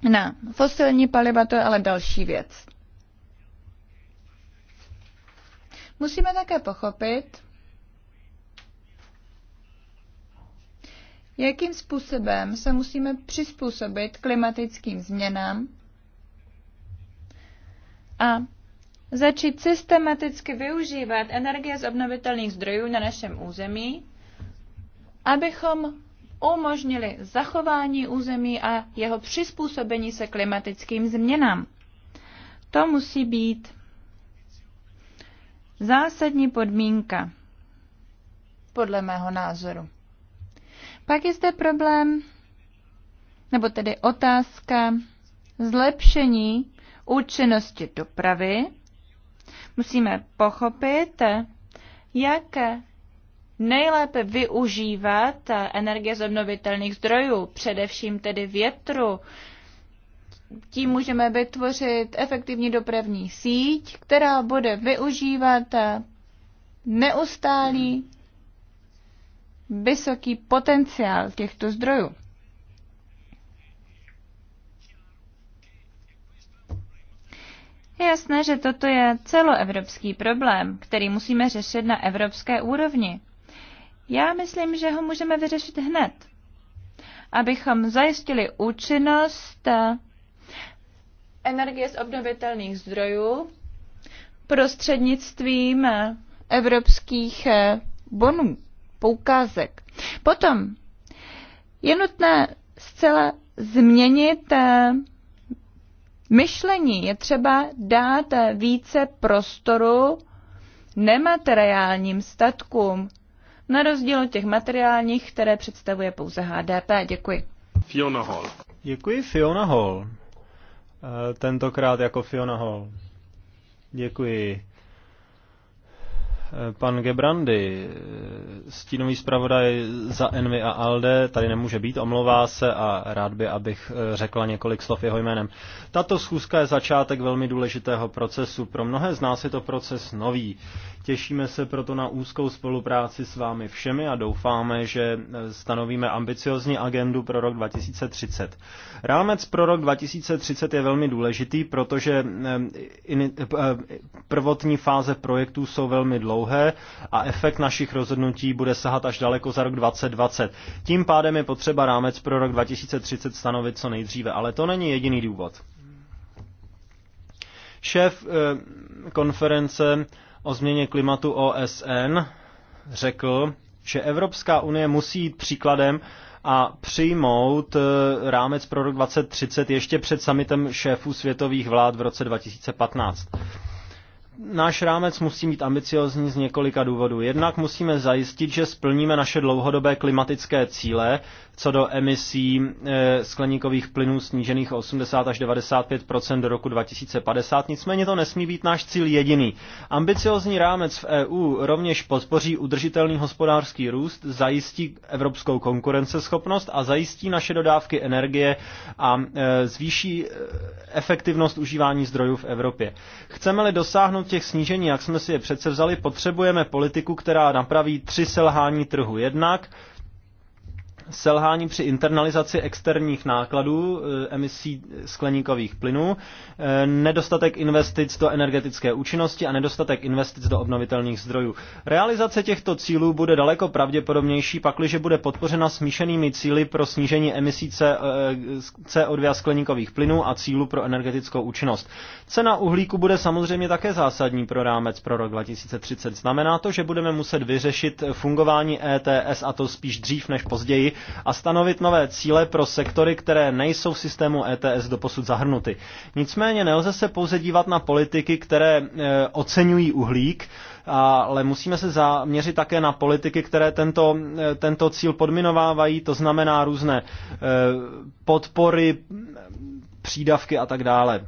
na fosilní paliva, to je ale další věc. Musíme také pochopit, jakým způsobem se musíme přizpůsobit klimatickým změnám a začít systematicky využívat energie z obnovitelných zdrojů na našem území, abychom umožnili zachování území a jeho přizpůsobení se klimatickým změnám. To musí být zásadní podmínka, podle mého názoru. Pak je zde problém, nebo tedy otázka zlepšení účinnosti dopravy. Musíme pochopit, jak nejlépe využívat energie z obnovitelných zdrojů, především tedy větru. Tím můžeme vytvořit efektivní dopravní síť, která bude využívat neustálý vysoký potenciál těchto zdrojů. Je jasné, že toto je celoevropský problém, který musíme řešit na evropské úrovni. Já myslím, že ho můžeme vyřešit hned, abychom zajistili účinnost eh, energie z obnovitelných zdrojů prostřednictvím eh, evropských eh, bonů poukázek. Potom je nutné zcela změnit eh, myšlení. Je třeba dát eh, více prostoru nemateriálním statkům, na rozdíl od těch materiálních, které představuje pouze HDP. Děkuji. Fiona Hall. Děkuji Fiona Hall. Eh, tentokrát jako Fiona Hall. Děkuji. Pan Gebrandy, stínový zpravodaj za Envy a Alde, tady nemůže být, omlouvá se a rád by, abych eh, řekla několik slov jeho jménem. Tato schůzka je začátek velmi důležitého procesu. Pro mnohé z nás je to proces nový. Těšíme se proto na úzkou spolupráci s vámi všemi a doufáme, že eh, stanovíme ambiciozní agendu pro rok 2030. Rámec pro rok 2030 je velmi důležitý, protože eh, prvotní fáze projektů jsou velmi dlouhé dlouhé a efekt našich rozhodnutí bude sahat až daleko za rok 2020. Tím pádem je potřeba rámec pro rok 2030 stanovit co nejdříve, ale to není jediný důvod. Šéf eh, konference o změně klimatu OSN řekl, že Evropská unie musí jít příkladem a přijmout eh, rámec pro rok 2030 ještě před samitem šéfů světových vlád v roce 2015 náš rámec musí být ambiciozní z několika důvodů. Jednak musíme zajistit, že splníme naše dlouhodobé klimatické cíle, co do emisí eh, skleníkových plynů snížených o 80 až 95 do roku 2050. Nicméně to nesmí být náš cíl jediný. Ambiciozní rámec v EU rovněž podpoří udržitelný hospodářský růst, zajistí evropskou konkurenceschopnost a zajistí naše dodávky energie a eh, zvýší eh, efektivnost užívání zdrojů v Evropě. Chceme-li dosáhnout těch snížení, jak jsme si je přece vzali, potřebujeme politiku, která napraví tři selhání trhu. Jednak selhání při internalizaci externích nákladů eh, emisí skleníkových plynů, eh, nedostatek investic do energetické účinnosti a nedostatek investic do obnovitelných zdrojů. Realizace těchto cílů bude daleko pravděpodobnější, pakliže bude podpořena smíšenými cíly pro snížení emisí CO2 eh, skleníkových plynů a cílu pro energetickou účinnost. Cena uhlíku bude samozřejmě také zásadní pro rámec pro rok 2030. Znamená to, že budeme muset vyřešit fungování ETS a to spíš dřív než později, a stanovit nové cíle pro sektory, které nejsou v systému ETS doposud zahrnuty. Nicméně nelze se pouze dívat na politiky, které e, oceňují uhlík, ale musíme se zaměřit také na politiky, které tento, e, tento cíl podminovávají, to znamená různé e, podpory, přídavky a tak dále.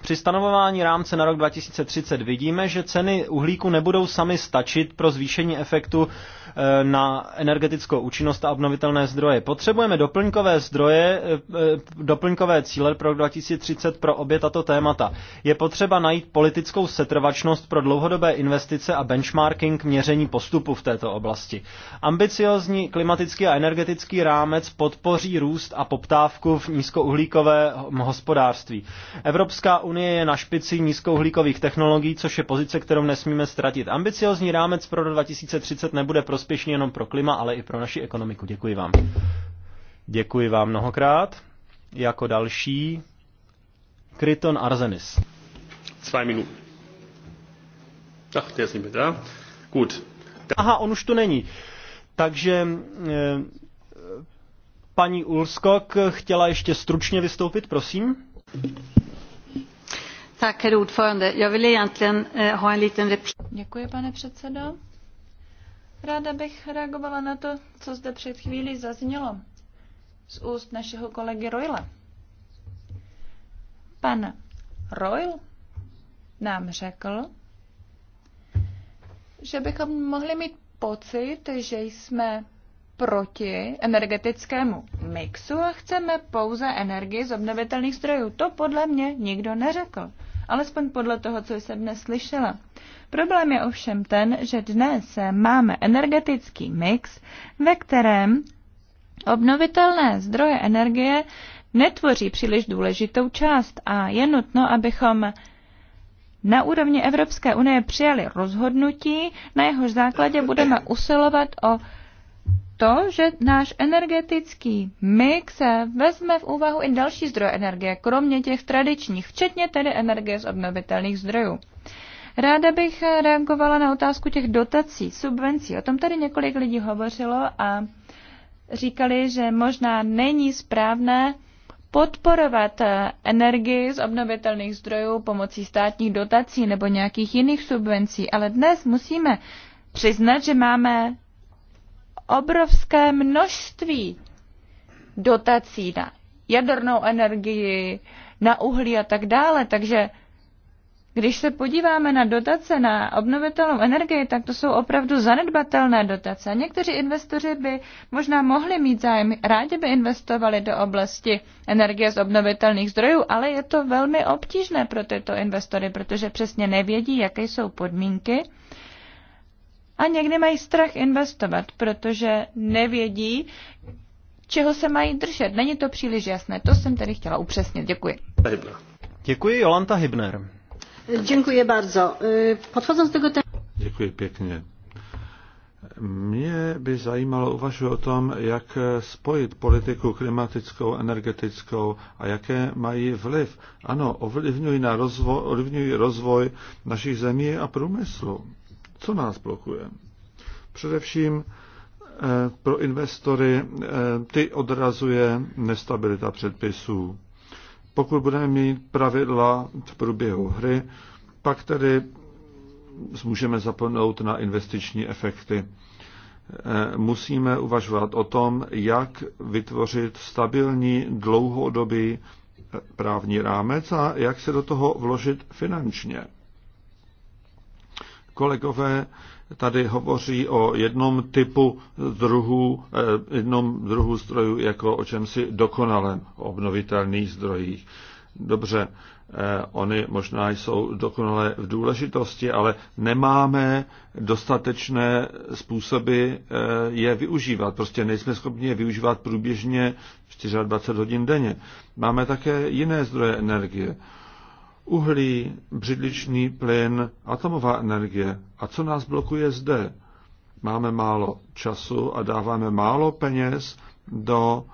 Při stanovování rámce na rok 2030 vidíme, že ceny uhlíku nebudou sami stačit pro zvýšení efektu Eh, na energetickou účinnost a obnovitelné zdroje. Potřebujeme doplňkové zdroje, eh, eh, doplňkové cíle pro 2030 pro obě tato témata. Je potřeba najít politickou setrvačnost pro dlouhodobé investice a benchmarking měření postupu v této oblasti. Ambiciozní klimatický a energetický rámec podpoří růst a poptávku v nízkouhlíkové hospodářství. Evropská unie je na špici nízkouhlíkových technologií, což je pozice, kterou nesmíme ztratit. Ambiciozní rámec pro 2030 nebude prospěšný prospěšný jenom pro klima, ale i pro naši ekonomiku. Děkuji vám. Děkuji vám mnohokrát. Jako další Kryton Arzenis. Zwei Minuten. Ach, der ist nicht mehr da. Gut. Aha, on už tu není. Takže eh, paní Ulskok chtěla ještě stručně vystoupit, prosím. Tak, herr ordförande. Jag vill egentligen eh, ha en liten replik. Děkuji, pane předsedo. Ráda bych reagovala na to, co zde před chvílí zaznělo z úst našeho kolegy Royla. Pan Royl nám řekl, že bychom mohli mít pocit, že jsme proti energetickému mixu a chceme pouze energii z obnovitelných zdrojů. To podle mě nikdo neřekl alespoň podle toho, co jsem dnes slyšela. Problém je ovšem ten, že dnes máme energetický mix, ve kterém obnovitelné zdroje energie netvoří příliš důležitou část a je nutno, abychom na úrovni Evropské unie přijali rozhodnutí, na jehož základě budeme usilovat o to, že náš energetický mix vezme v úvahu i další zdroje energie, kromě těch tradičních, včetně tedy energie z obnovitelných zdrojů. Ráda bych reagovala na otázku těch dotací, subvencí. O tom tady několik lidí hovořilo a říkali, že možná není správné podporovat energii z obnovitelných zdrojů pomocí státních dotací nebo nějakých jiných subvencí, ale dnes musíme přiznat, že máme obrovské množství dotací na jadernou energii, na uhlí a tak dále. Takže když se podíváme na dotace na obnovitelnou energii, tak to jsou opravdu zanedbatelné dotace. Někteří investoři by možná mohli mít zájem, rádi by investovali do oblasti energie z obnovitelných zdrojů, ale je to velmi obtížné pro tyto investory, protože přesně nevědí, jaké jsou podmínky, a někdy mají strach investovat, protože nevědí, čeho se mají držet. Není to příliš jasné. To jsem tedy chtěla upřesnit. Děkuji. Děkuji, Jolanta Hybner. Děkuji bardzo. E, podchodząc do tego Děkuji pěkně. Mě by zajímalo, uvažuji o tom, jak spojit politiku klimatickou, energetickou a jaké mají vliv. Ano, ovlivňují, na rozvoj, ovlivňují rozvoj našich zemí a průmyslu. Co nás blokuje? Především eh, pro investory eh, ty odrazuje nestabilita předpisů. Pokud budeme mít pravidla v průběhu hry, pak tedy můžeme zapomenout na investiční efekty. Eh, musíme uvažovat o tom, jak vytvořit stabilní dlouhodobý právní rámec a jak se do toho vložit finančně. Kolegové tady hovoří o jednom typu druhu eh, jednom druhu zdrojů jako o čemsi dokonalém obnovitelných zdrojích. Dobře, eh, oni možná jsou dokonale v důležitosti, ale nemáme dostatečné způsoby eh, je využívat. Prostě nejsme schopni je využívat průběžně 24 hodin denně. Máme také jiné zdroje energie uhlí, břidličný plyn, atomová energie. A co nás blokuje zde? Máme málo času a dáváme málo peněz do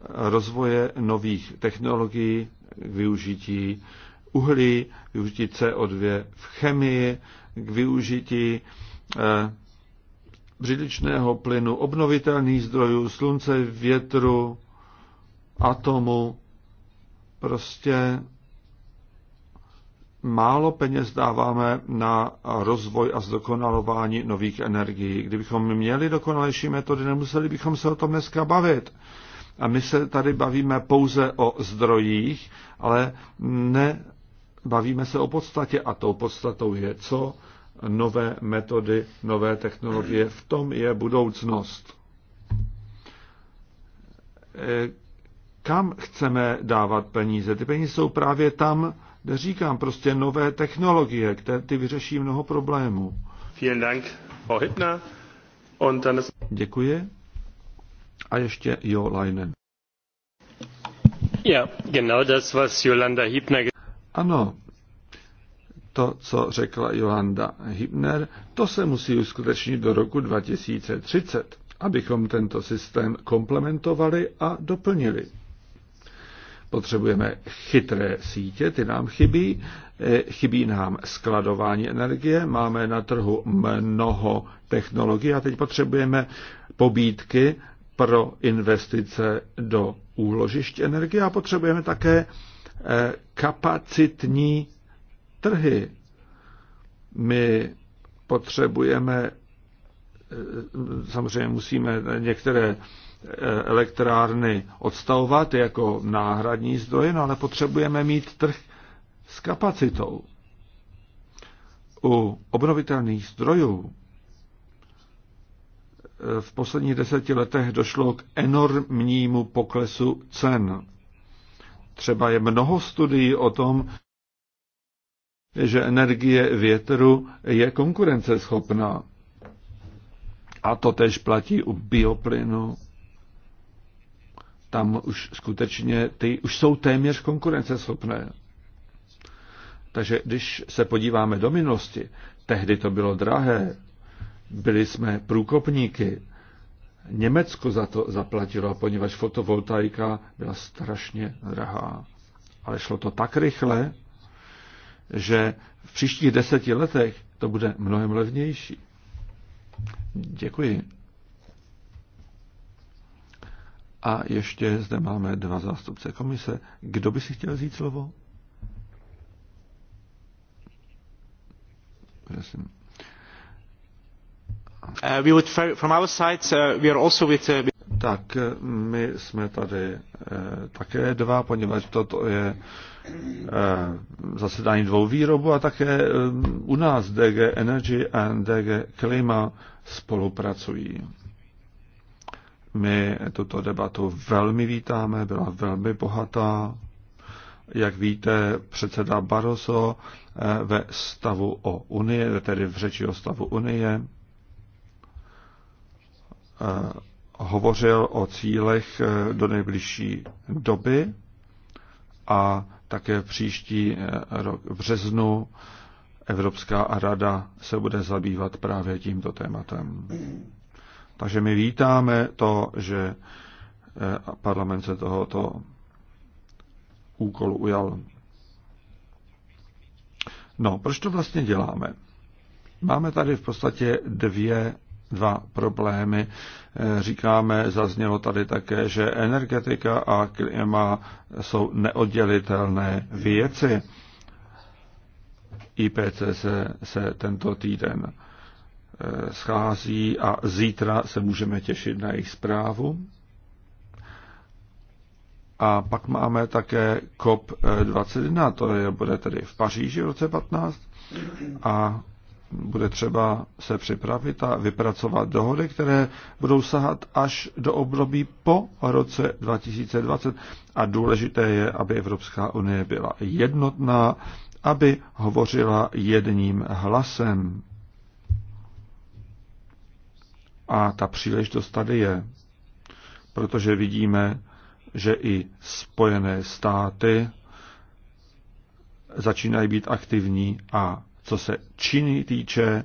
eh, rozvoje nových technologií k využití uhlí, k využití CO2 v chemii, k využití eh, břidličného plynu, obnovitelných zdrojů, slunce, větru, atomu. Prostě málo peněz dáváme na rozvoj a zdokonalování nových energií. Kdybychom měli dokonalejší metody, nemuseli bychom se o tom dneska bavit. A my se tady bavíme pouze o zdrojích, ale ne bavíme se o podstatě a tou podstatou je, co nové metody, nové technologie, v tom je budoucnost. E, kam chceme dávat peníze? Ty peníze jsou právě tam, Říkám prostě nové technologie, které ty vyřeší mnoho problémů. Děkuji. A ještě Jo Leinen. Ja, genau das, was Jolanda Hübner... Ano, to, co řekla Jolanda Hübner, to se musí uskutečnit do roku 2030, abychom tento systém komplementovali a doplnili. Potřebujeme chytré sítě, ty nám chybí, e, chybí nám skladování energie, máme na trhu mnoho technologií a teď potřebujeme pobídky pro investice do úložišť energie a potřebujeme také e, kapacitní trhy. My potřebujeme, e, samozřejmě musíme některé elektrárny odstavovat jako náhradní zdroje, no ale potřebujeme mít trh s kapacitou. U obnovitelných zdrojů eh, v posledních deseti letech došlo k enormnímu poklesu cen. Třeba je mnoho studií o tom, že energie větru je konkurenceschopná. A to tež platí u bioplynu tam už skutečně ty už jsou téměř konkurenceschopné. Takže když se podíváme do minulosti, tehdy to bylo drahé, byli jsme průkopníky, Německo za to zaplatilo, poněvadž fotovoltaika byla strašně drahá. Ale šlo to tak rychle, že v příštích deseti letech to bude mnohem levnější. Děkuji. A ještě zde máme dva zástupce komise. Kdo by si chtěl vzít slovo? Prosím. Uh, we would, from our side, uh, we are also with, uh, tak my jsme tady také dva, poněvadž toto je zasedání dvou výrobu a také um, u nás DG Energy a DG Klima spolupracují. My tuto debatu velmi vítáme, byla velmi bohatá. Jak víte, předseda Barroso eh, ve stavu o Unie, tedy v řeči o stavu Unie, eh, hovořil o cílech eh, do nejbližší doby a také příští rok v březnu Evropská rada se bude zabývat právě tímto tématem. Takže my vítáme to, že eh, parlament se tohoto úkolu ujal. No, proč to vlastně děláme? Máme tady v podstatě dvě, dva problémy. Eh, říkáme, zaznělo tady také, že energetika a klima jsou neoddělitelné věci. IPCC se tento týden Eh, schází a zítra se můžeme těšit na jejich zprávu. A pak máme také COP21, to je, bude tedy v Paříži v roce 15 a bude třeba se připravit a vypracovat dohody, které budou sahat až do období po roce 2020. A důležité je, aby Evropská unie byla jednotná, aby hovořila jedním hlasem. A ta příležitost tady je, protože vidíme, že i Spojené státy začínají být aktivní a co se činy týče,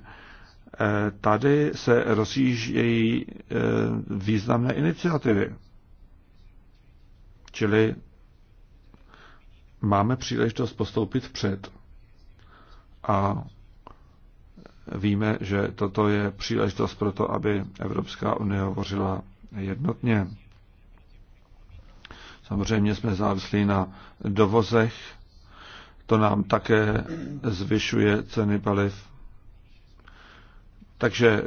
eh, tady se rozjíždějí eh, významné iniciativy. Čili máme příležitost postoupit vpřed. A Víme, že toto je příležitost pro to, aby Evropská unie hovořila jednotně. Samozřejmě jsme závislí na dovozech, to nám také zvyšuje ceny paliv. Takže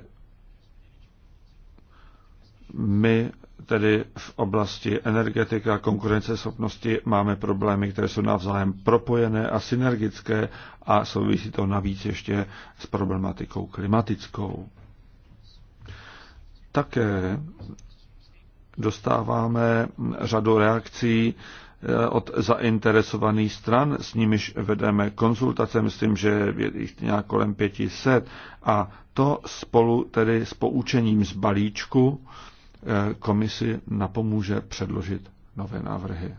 my tedy v oblasti energetiky a konkurenceschopnosti máme problémy, které jsou navzájem propojené a synergické a souvisí to navíc ještě s problematikou klimatickou. Také dostáváme řadu reakcí eh, od zainteresovaných stran, s nimiž vedeme konzultace, myslím, že je jich nějak kolem 500, a to spolu tedy s poučením z balíčku, komisi napomůže předložit nové návrhy.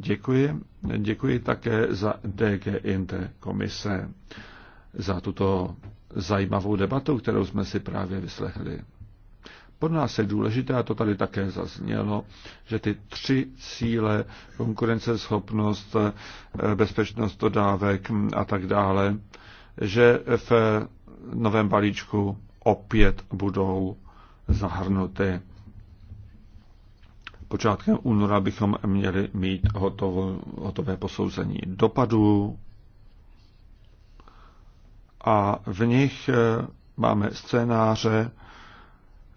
Děkuji. Děkuji také za DG Inte komise za tuto zajímavou debatu, kterou jsme si právě vyslechli. Pro nás je důležité, a to tady také zaznělo, že ty tři cíle, konkurenceschopnost, bezpečnost dodávek a tak dále, že v novém balíčku opět budou zahrnuty. Počátkem února bychom měli mít hotovo, hotové posouzení dopadů a v nich eh, máme scénáře,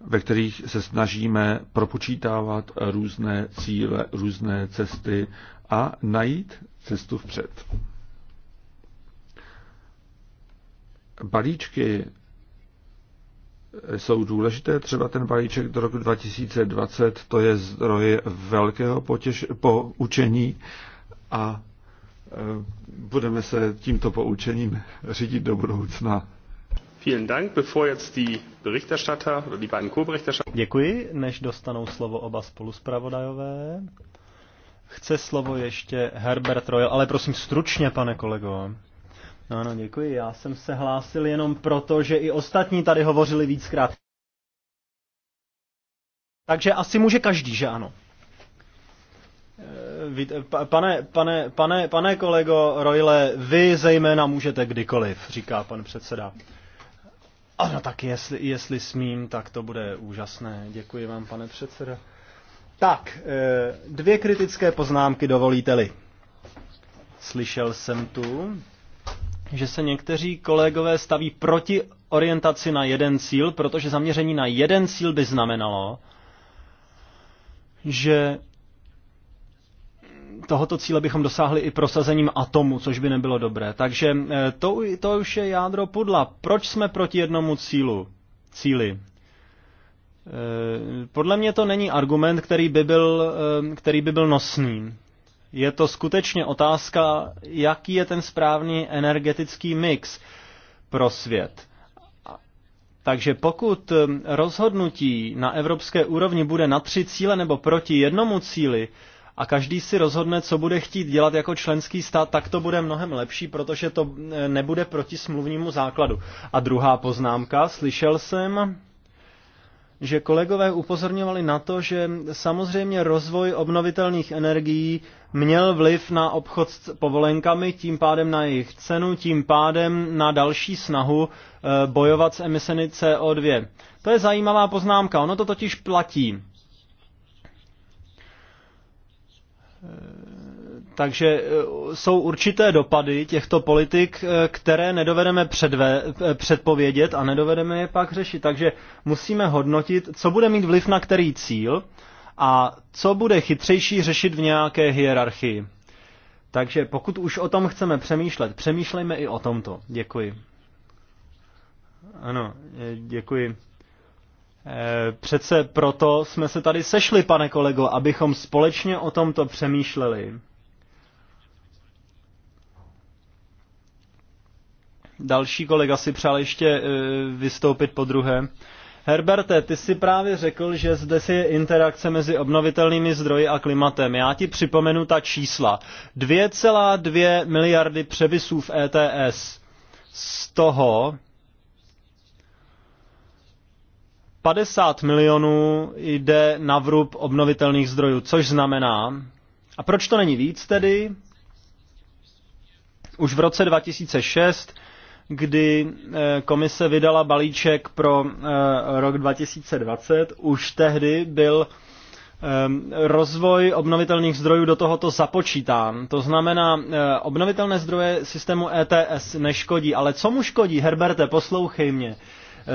ve kterých se snažíme propočítávat různé cíle, různé cesty a najít cestu vpřed. Balíčky jsou důležité. Třeba ten balíček do roku 2020, to je zdroj velkého potěš- poučení a e, budeme se tímto poučením řídit do budoucna. Děkuji, než dostanou slovo oba spoluspravodajové. Chce slovo ještě Herbert Royal, ale prosím stručně, pane kolego. Ano, no, děkuji. Já jsem se hlásil jenom proto, že i ostatní tady hovořili víckrát. Takže asi může každý, že ano. Eh, pane, pane, pane, pane kolego Royle, vy zejména můžete kdykoliv, říká pan předseda. Ano, tak jestli, jestli smím, tak to bude úžasné. Děkuji vám, pane předseda. Tak, eh, dvě kritické poznámky dovolíte-li. Slyšel jsem tu že se někteří kolegové staví proti orientaci na jeden cíl, protože zaměření na jeden cíl by znamenalo, že tohoto cíle bychom dosáhli i prosazením atomu, což by nebylo dobré. Takže eh, to, to už je jádro pudla. Proč jsme proti jednomu cílu? Cíli. Eh, podle mě to není argument, který by byl, eh, který by byl nosný. Je to skutečně otázka, jaký je ten správný energetický mix pro svět. Takže pokud um, rozhodnutí na evropské úrovni bude na tři cíle nebo proti jednomu cíli a každý si rozhodne, co bude chtít dělat jako členský stát, tak to bude mnohem lepší, protože to eh, nebude proti smluvnímu základu. A druhá poznámka, slyšel jsem, že kolegové upozorňovali na to, že samozřejmě rozvoj obnovitelných energií měl vliv na obchod s povolenkami, tím pádem na jejich cenu, tím pádem na další snahu eh, bojovat s emisemi CO2. To je zajímavá poznámka, ono to totiž platí eh, takže e, jsou určité dopady těchto politik, e, které nedovedeme předve, e, předpovědět a nedovedeme je pak řešit. Takže musíme hodnotit, co bude mít vliv na který cíl a co bude chytřejší řešit v nějaké hierarchii. Takže pokud už o tom chceme přemýšlet, přemýšlejme i o tomto. Děkuji. Ano, děkuji. Přece proto jsme se tady sešli, pane kolego, abychom společně o tomto přemýšleli. Další kolega si přál ještě e, vystoupit po druhé. Herberte, ty si právě řekl, že zde si je interakce mezi obnovitelnými zdroji a klimatem. Já ti připomenu ta čísla. 2,2 miliardy převisů v ETS. Z toho 50 milionů jde na vrub obnovitelných zdrojů, což znamená, a proč to není víc tedy? Už v roce 2006 kdy eh, komise vydala balíček pro eh, rok 2020, už tehdy byl eh, rozvoj obnovitelných zdrojů do tohoto započítán. To znamená, obnovitelné zdroje systému ETS neškodí, ale co mu škodí? Herberte, poslouchej mě.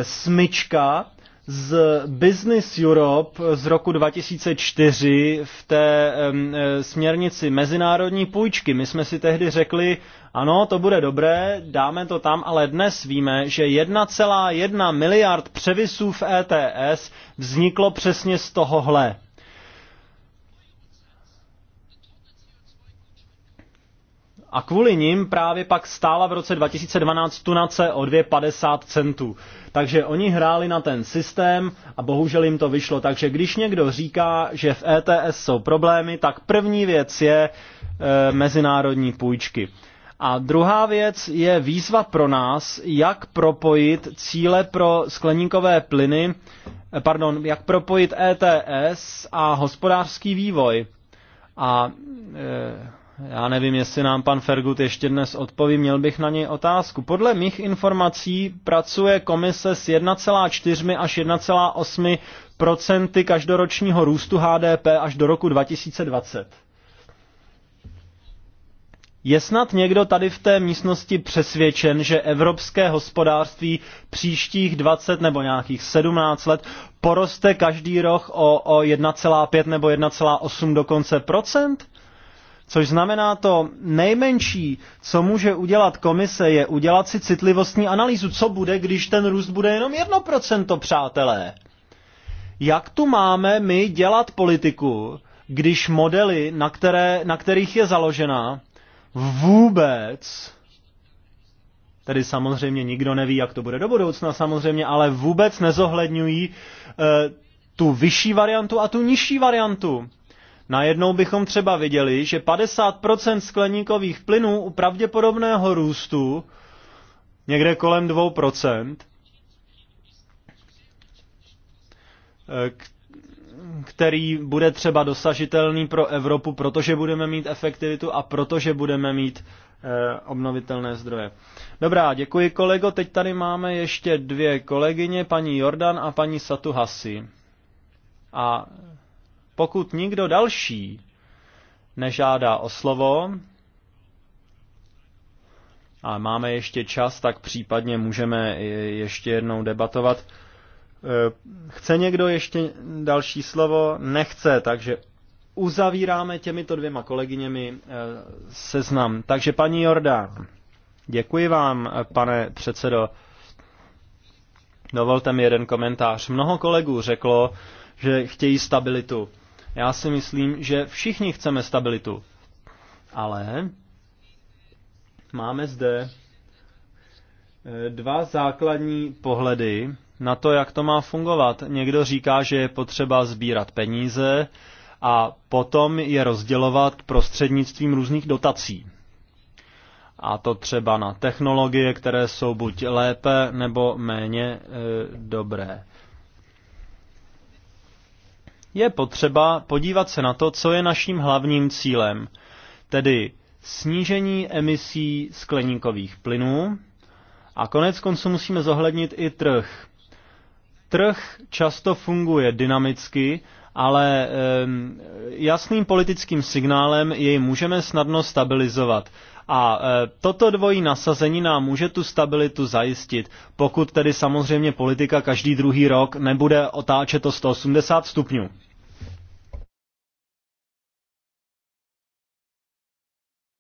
Smyčka z Business Europe z roku 2004 v té um, směrnici mezinárodní půjčky. My jsme si tehdy řekli, ano, to bude dobré, dáme to tam, ale dnes víme, že 1,1 miliard převisů v ETS vzniklo přesně z tohohle. a kvůli nim právě pak stála v roce 2012 tunace o 2,50 centů. Takže oni hráli na ten systém a bohužel jim to vyšlo. Takže když někdo říká, že v ETS jsou problémy, tak první věc je e, mezinárodní půjčky. A druhá věc je výzva pro nás, jak propojit cíle pro skleníkové plyny, eh, pardon, jak propojit ETS a hospodářský vývoj. A e, já nevím, jestli nám pan Fergut ještě dnes odpoví, měl bych na něj otázku. Podle mých informací pracuje komise s 1,4 až 1,8 procenty každoročního růstu HDP až do roku 2020. Je snad někdo tady v té místnosti přesvědčen, že evropské hospodářství příštích 20 nebo nějakých 17 let poroste každý rok o, o 1,5 nebo 1,8 dokonce procent? Což znamená to nejmenší, co může udělat komise, je udělat si citlivostní analýzu. Co bude, když ten růst bude jenom 1%, přátelé? Jak tu máme my dělat politiku, když modely, na, které, na kterých je založena, vůbec tedy samozřejmě nikdo neví, jak to bude do budoucna samozřejmě, ale vůbec nezohledňují e, tu vyšší variantu a tu nižší variantu. Najednou bychom třeba viděli, že 50% skleníkových plynů u pravděpodobného růstu někde kolem 2%, který bude třeba dosažitelný pro Evropu, protože budeme mít efektivitu a protože budeme mít eh, obnovitelné zdroje. Dobrá, děkuji kolego. Teď tady máme ještě dvě kolegyně, paní Jordan a paní Satuhasi. A pokud nikdo další nežádá o slovo, a máme ještě čas, tak případně můžeme ještě jednou debatovat. E, chce někdo ještě další slovo? Nechce, takže uzavíráme těmito dvěma kolegyněmi e, seznam. Takže paní Jordán, děkuji vám, pane předsedo. Dovolte mi jeden komentář. Mnoho kolegů řeklo, že chtějí stabilitu. Já si myslím, že všichni chceme stabilitu. Ale máme zde eh, dva základní pohledy na to, jak to má fungovat. Někdo říká, že je potřeba sbírat peníze a potom je rozdělovat prostřednictvím různých dotací. A to třeba na technologie, které jsou buď lépe nebo méně e, dobré je potřeba podívat se na to, co je naším hlavním cílem, tedy snížení emisí skleníkových plynů a konec konců musíme zohlednit i trh. Trh často funguje dynamicky ale jasným politickým signálem jej můžeme snadno stabilizovat. A e, toto dvojí nasazení nám může tu stabilitu zajistit, pokud tedy samozřejmě politika každý druhý rok nebude otáčet o 180 stupňů.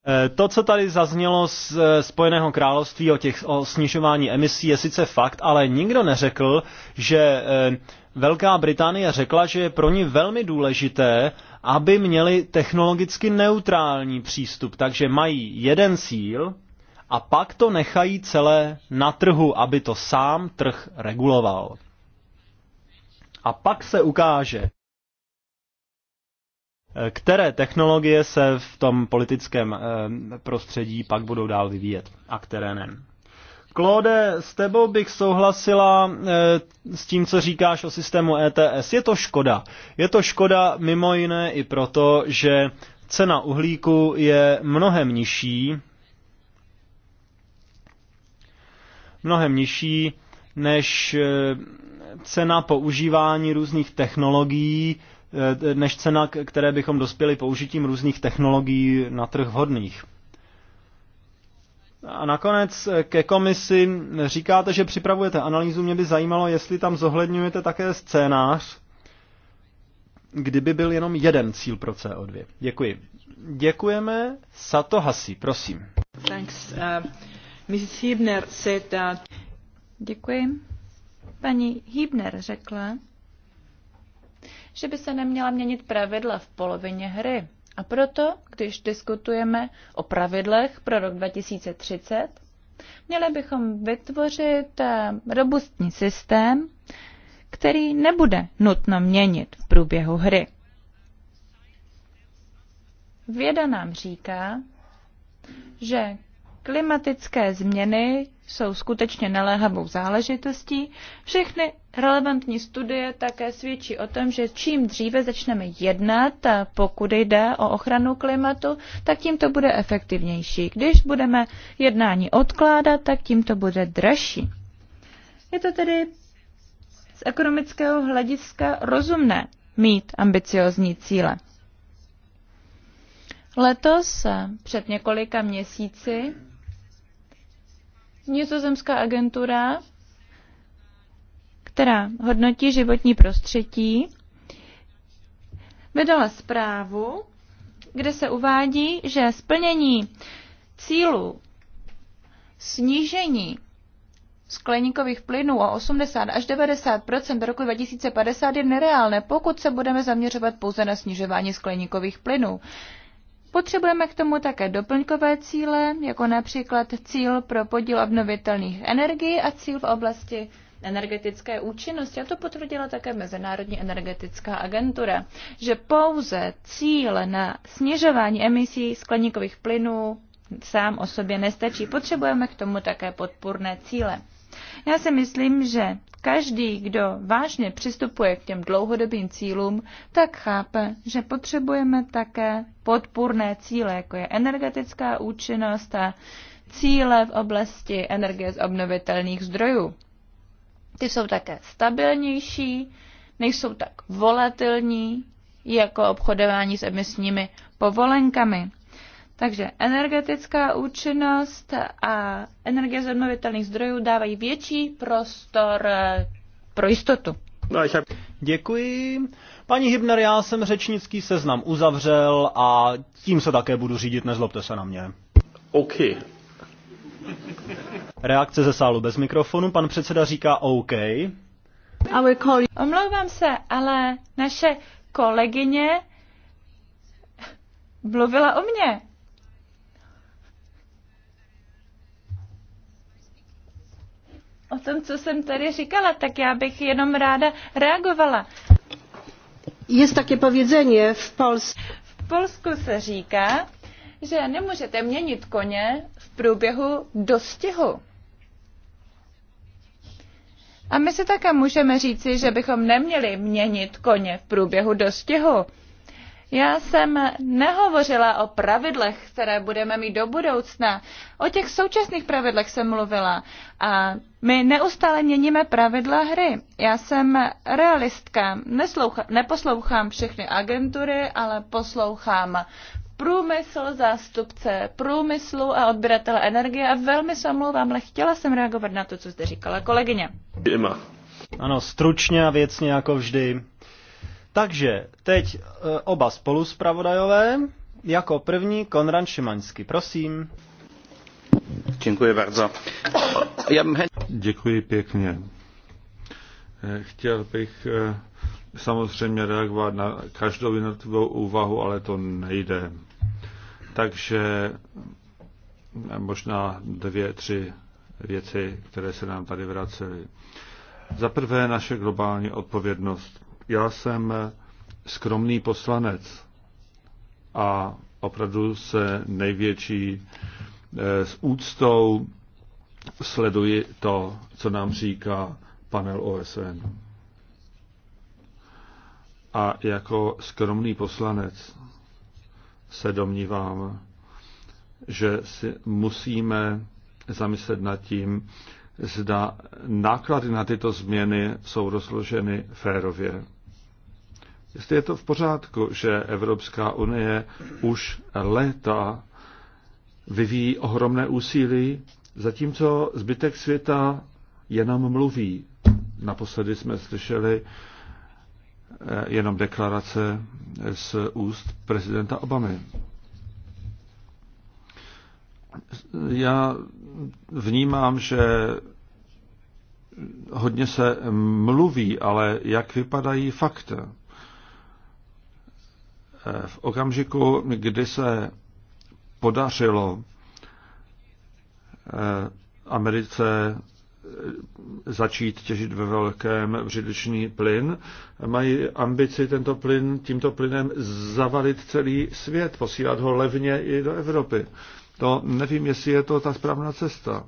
Eh, to, co tady zaznělo z eh, Spojeného království o, těch, o snižování emisí, je sice fakt, ale nikdo neřekl, že eh, Velká Británie řekla, že je pro ní velmi důležité, aby měli technologicky neutrální přístup. Takže mají jeden cíl a pak to nechají celé na trhu, aby to sám trh reguloval. A pak se ukáže, které technologie se v tom politickém eh, prostředí pak budou dál vyvíjet a které ne. Claude, s tebou bych souhlasila eh, s tím, co říkáš o systému ETS. Je to škoda. Je to škoda mimo jiné i proto, že cena uhlíku je mnohem nižší, mnohem nižší než eh, cena používání různých technologií, Eh, než cena, které bychom dospěli použitím různých technologií na trh vhodných. A nakonec eh, ke komisi říkáte, že připravujete analýzu. Mě by zajímalo, jestli tam zohledňujete také scénář, kdyby byl jenom jeden cíl pro CO2. Děkuji. Děkujeme. Sato Hasi, prosím. Thanks. Uh, Mrs. Hibner said that... Děkuji. Paní Hibner řekla, že by se neměla měnit pravidla v polovině hry. A proto, když diskutujeme o pravidlech pro rok 2030, měli bychom vytvořit eh, robustní systém, který nebude nutno měnit v průběhu hry. Věda nám říká, že klimatické změny jsou skutečně naléhavou záležitostí. Všechny relevantní studie také svědčí o tom, že čím dříve začneme jednat, pokud jde o ochranu klimatu, tak tím to bude efektivnější. Když budeme jednání odkládat, tak tím to bude dražší. Je to tedy z ekonomického hlediska rozumné mít ambiciozní cíle. Letos před několika měsíci Nizozemská agentura, která hodnotí životní prostředí, vydala zprávu, kde se uvádí, že splnění cílu snížení skleníkových plynů o 80 až 90 do roku 2050 je nereálné, pokud se budeme zaměřovat pouze na snižování skleníkových plynů. Potřebujeme k tomu také doplňkové cíle, jako například cíl pro podíl obnovitelných energií a cíl v oblasti energetické účinnosti. A to potvrdila také Mezinárodní energetická agentura, že pouze cíl na snižování emisí skleníkových plynů sám o sobě nestačí. Potřebujeme k tomu také podpůrné cíle. Já si myslím, že Každý, kdo vážně přistupuje k těm dlouhodobým cílům, tak chápe, že potřebujeme také podpůrné cíle, jako je energetická účinnost a cíle v oblasti energie z obnovitelných zdrojů. Ty jsou také stabilnější, nejsou tak volatilní jako obchodování s emisními povolenkami. Takže energetická účinnost a energie z obnovitelných zdrojů dávají větší prostor eh, pro jistotu. No, Děkuji. Paní Hybner, já jsem řečnický seznam uzavřel a tím se také budu řídit, nezlobte se na mě. OK. Reakce ze sálu bez mikrofonu, pan předseda říká OK. Omlouvám se, ale naše kolegyně mluvila o mně. o tom, co jsem tady říkala, tak já bych jenom ráda reagovala. Je také povědzenie v Polsku. V Polsku se říká, že nemůžete měnit koně v průběhu dostihu. A my si také můžeme říci, že bychom neměli měnit koně v průběhu dostihu. Já jsem nehovořila o pravidlech, které budeme mít do budoucna. O těch současných pravidlech jsem mluvila. A my neustále měníme pravidla hry. Já jsem realistka. Nesloucha, neposlouchám všechny agentury, ale poslouchám průmysl, zástupce průmyslu a odběratele energie a velmi se omlouvám, ale chtěla jsem reagovat na to, co zde říkala kolegyně. Ano, stručně a věcně jako vždy. Takže teď e, oba spoluspravodajové. Jako první Konrad Šimaňský, prosím. Děkuji bardzo. Děkuji pěkně. Chtěl bych e, samozřejmě reagovat na každou jednotlivou úvahu, ale to nejde. Takže e, možná dvě, tři věci, které se nám tady vracely. Za prvé naše globální odpovědnost já jsem skromný poslanec a opravdu se největší eh, s úctou sleduji to, co nám říká panel OSN. A jako skromný poslanec se domnívám, že si musíme zamyslet nad tím, zda náklady na tyto změny jsou rozloženy férově. Jestli je to v pořádku, že Evropská unie už léta vyvíjí ohromné úsilí, zatímco zbytek světa jenom mluví. Naposledy jsme slyšeli eh, jenom deklarace z úst prezidenta Obamy. Já vnímám, že hodně se mluví, ale jak vypadají fakta? V okamžiku, kdy se podařilo eh, Americe eh, začít těžit ve velkém břidličný plyn. Mají ambici tento plyn, tímto plynem zavalit celý svět, posílat ho levně i do Evropy. To nevím, jestli je to ta správná cesta.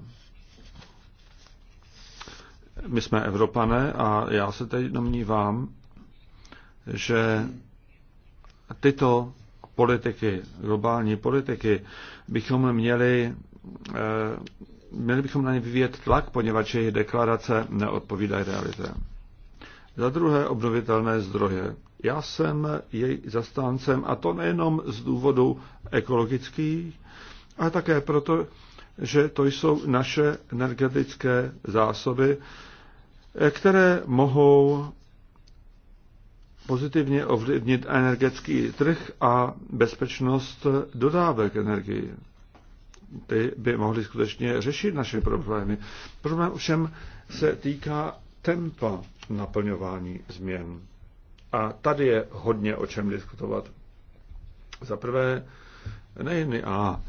My jsme Evropané a já se teď domnívám, že tyto politiky, globální politiky, bychom měli, eh, měli bychom na ně vyvíjet tlak, poněvadž jejich deklarace neodpovídají realitě. Za druhé obnovitelné zdroje. Já jsem jej zastáncem, a to nejenom z důvodu ekologických, a také proto, že to jsou naše energetické zásoby, eh, které mohou pozitivně ovlivnit energetický trh a bezpečnost dodávek energii. Ty by mohly skutečně řešit naše problémy. Problém ovšem se týká tempa naplňování změn. A tady je hodně o čem diskutovat. Za prvé, nejen a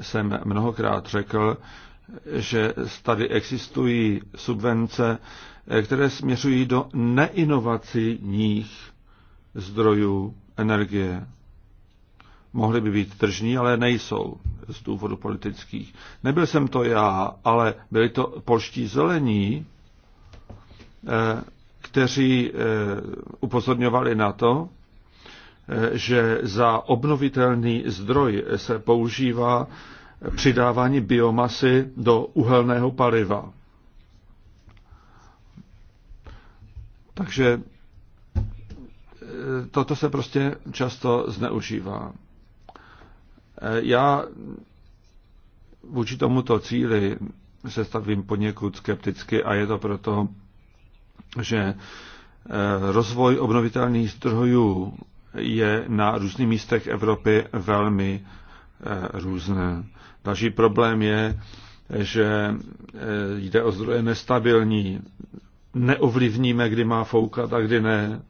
jsem mnohokrát řekl, že tady existují subvence, které směřují do neinovacijních zdrojů energie. Mohly by být tržní, ale nejsou z důvodu politických. Nebyl jsem to já, ale byli to polští zelení, eh, kteří eh, upozorňovali na to, že za obnovitelný zdroj se používá přidávání biomasy do uhelného paliva. Takže e, toto se prostě často zneužívá. E, já vůči tomuto cíli se stavím poněkud skepticky a je to proto, že e, rozvoj obnovitelných zdrojů je na různých místech Evropy velmi eh, různé. Další problém je, že eh, jde o zdroje nestabilní. Neovlivníme, kdy má foukat a kdy ne.